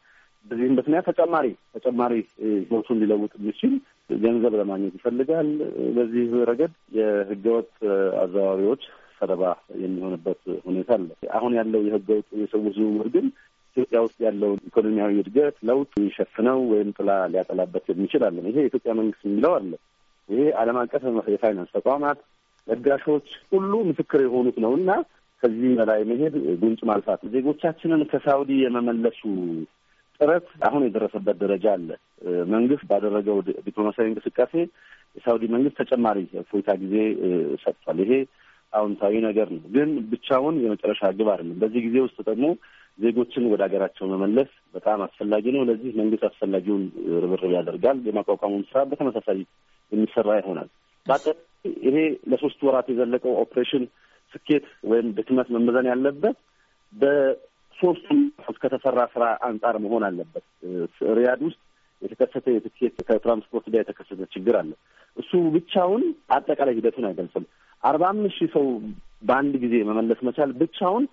በዚህም ምክንያት ተጨማሪ ተጨማሪ ህይወቱን ሊለውጥ የሚችል ገንዘብ ለማግኘት ይፈልጋል። በዚህ ረገድ የህገወጥ አዘዋዋሪዎች ሰለባ የሚሆንበት ሁኔታ አለ። አሁን ያለው የህገወጥ የሰዎች ዝውውር ግን ኢትዮጵያ ውስጥ ያለውን ኢኮኖሚያዊ እድገት ለውጥ ሊሸፍነው ወይም ጥላ ሊያጠላበት የሚችል አለ። ይሄ የኢትዮጵያ መንግስት የሚለው አለ። ይሄ ዓለም አቀፍ የፋይናንስ ተቋማት፣ ለጋሾች ሁሉ ምስክር የሆኑት ነው እና ከዚህ በላይ መሄድ ጉንጭ ማልፋት ዜጎቻችንን ከሳውዲ የመመለሱ ጥረት አሁን የደረሰበት ደረጃ አለ። መንግስት ባደረገው ዲፕሎማሲያዊ እንቅስቃሴ የሳውዲ መንግስት ተጨማሪ ፎይታ ጊዜ ሰጥቷል። ይሄ አዎንታዊ ነገር ነው፣ ግን ብቻውን የመጨረሻ ግብ አይደለም። በዚህ ጊዜ ውስጥ ደግሞ ዜጎችን ወደ ሀገራቸው መመለስ በጣም አስፈላጊ ነው። ለዚህ መንግስት አስፈላጊውን ርብርብ ያደርጋል። የማቋቋሙን ስራ በተመሳሳይ የሚሰራ ይሆናል። በአጠቃላይ ይሄ ለሶስት ወራት የዘለቀው ኦፕሬሽን ስኬት ወይም ድክመት መመዘን ያለበት ሶስቱ ከተሰራ ስራ አንጻር መሆን አለበት። ሪያድ ውስጥ የተከሰተ የትኬት ከትራንስፖርት ጋር የተከሰተ ችግር አለ። እሱ ብቻውን አጠቃላይ ሂደቱን አይገልጽም። አርባ አምስት ሺህ ሰው በአንድ ጊዜ መመለስ መቻል ብቻውን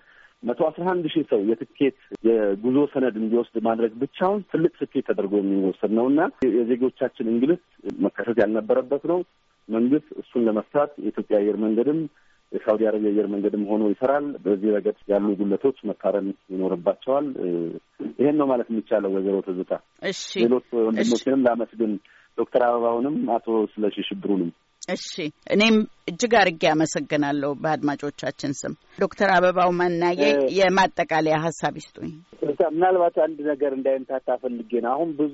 መቶ አስራ አንድ ሺህ ሰው የትኬት የጉዞ ሰነድ እንዲወስድ ማድረግ ብቻውን ትልቅ ስኬት ተደርጎ የሚወሰድ ነው እና የዜጎቻችን እንግልት መከሰት ያልነበረበት ነው። መንግስት እሱን ለመፍታት የኢትዮጵያ አየር መንገድም የሳውዲ አረቢያ አየር መንገድም ሆኖ ይሰራል። በዚህ ረገድ ያሉ ጉለቶች መታረም ይኖርባቸዋል። ይሄን ነው ማለት የሚቻለው። ወይዘሮ ትዝታ ሌሎች ወንድሞችንም ላመስግን፣ ዶክተር አበባውንም አቶ ስለሺ ሽብሩንም እሺ እኔም እጅግ አርጌ አመሰግናለሁ በአድማጮቻችን ስም። ዶክተር አበባው ማናየ የማጠቃለያ ሀሳብ ይስጡኝ። ምናልባት አንድ ነገር እንዳይምታታ ፈልጌ ነው። አሁን ብዙ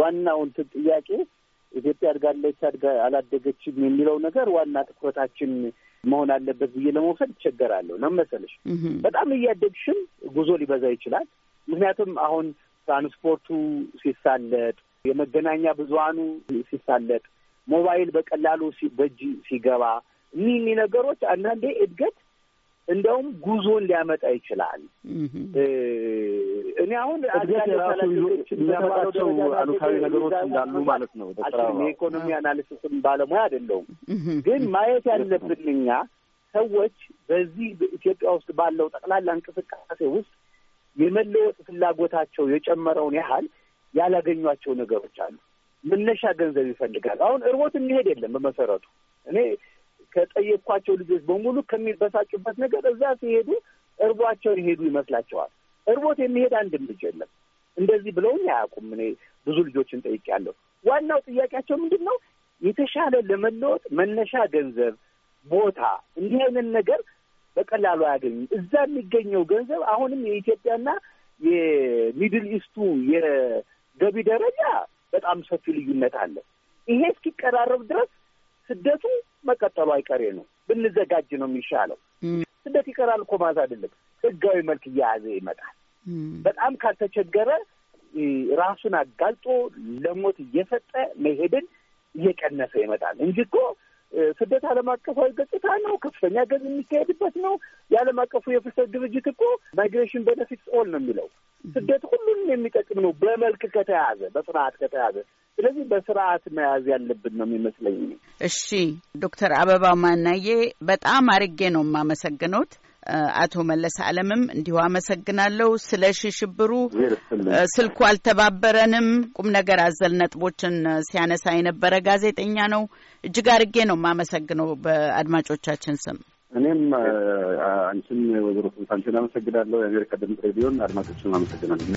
ዋናውን እንትን ጥያቄ ኢትዮጵያ አድጋለች አድጋ አላደገችም የሚለው ነገር ዋና ትኩረታችን መሆን አለበት ብዬ ለመውሰድ ይቸገራለሁ። ለመሰለሽ በጣም እያደግሽም ጉዞ ሊበዛ ይችላል። ምክንያቱም አሁን ትራንስፖርቱ ሲሳለጥ፣ የመገናኛ ብዙሀኑ ሲሳለጥ፣ ሞባይል በቀላሉ በእጅ ሲገባ እኒህ ነገሮች አንዳንዴ እድገት እንደውም ጉዞ ሊያመጣ ይችላል። እኔ አሁን የሚያመጣቸው አሉታዊ ነገሮች እንዳሉ ማለት ነው። የኢኮኖሚ አናሊሲስም ባለሙያ አይደለሁም፣ ግን ማየት ያለብን እኛ ሰዎች በዚህ በኢትዮጵያ ውስጥ ባለው ጠቅላላ እንቅስቃሴ ውስጥ የመለወጥ ፍላጎታቸው የጨመረውን ያህል ያላገኟቸው ነገሮች አሉ። መነሻ ገንዘብ ይፈልጋል። አሁን እርቦት እንሄድ የለም በመሰረቱ እኔ ከጠየኳቸው ልጆች በሙሉ ከሚበሳጩበት ነገር እዛ ሲሄዱ እርቧቸው ይሄዱ ይመስላቸዋል። እርቦት የሚሄድ አንድም ልጅ የለም። እንደዚህ ብለውን አያውቁም። እኔ ብዙ ልጆችን ጠይቄያለሁ። ዋናው ጥያቄያቸው ምንድን ነው? የተሻለ ለመለወጥ መነሻ ገንዘብ፣ ቦታ፣ እንዲህ አይነት ነገር በቀላሉ አያገኙም። እዛ የሚገኘው ገንዘብ አሁንም የኢትዮጵያና የሚድል ኢስቱ የገቢ ደረጃ በጣም ሰፊ ልዩነት አለ። ይሄ እስኪቀራረብ ድረስ ስደቱ መቀጠሉ አይቀሬ ነው። ብንዘጋጅ ነው የሚሻለው። ስደት ይቀራል እኮ ማለት አይደለም። ህጋዊ መልክ እየያዘ ይመጣል። በጣም ካልተቸገረ ራሱን አጋልጦ ለሞት እየሰጠ መሄድን እየቀነሰ ይመጣል እንጂ እኮ ስደት ዓለም አቀፋዊ ገጽታ ነው። ከፍተኛ ገዝ የሚካሄድበት ነው። የዓለም አቀፉ የፍልሰት ድርጅት እኮ ማይግሬሽን ቤኔፊትስ ኦል ነው የሚለው ስደት ሁሉንም የሚጠቅም ነው በመልክ ከተያዘ፣ በስርዓት ከተያዘ። ስለዚህ በስርዓት መያዝ ያለብን ነው የሚመስለኝ። እሺ ዶክተር አበባ ማናዬ በጣም አርጌ ነው የማመሰግኖት። አቶ መለስ አለምም እንዲሁ አመሰግናለሁ። ስለ ሽሽብሩ ስልኩ አልተባበረንም። ቁም ነገር አዘል ነጥቦችን ሲያነሳ የነበረ ጋዜጠኛ ነው። እጅግ አርጌ ነው የማመሰግነው በአድማጮቻችን ስም። እኔም አንቺን ወይዘሮ ስልታንችን አመሰግናለሁ። የአሜሪካ ድምጽ ሬዲዮን አድማጮችን አመሰግናለሁ።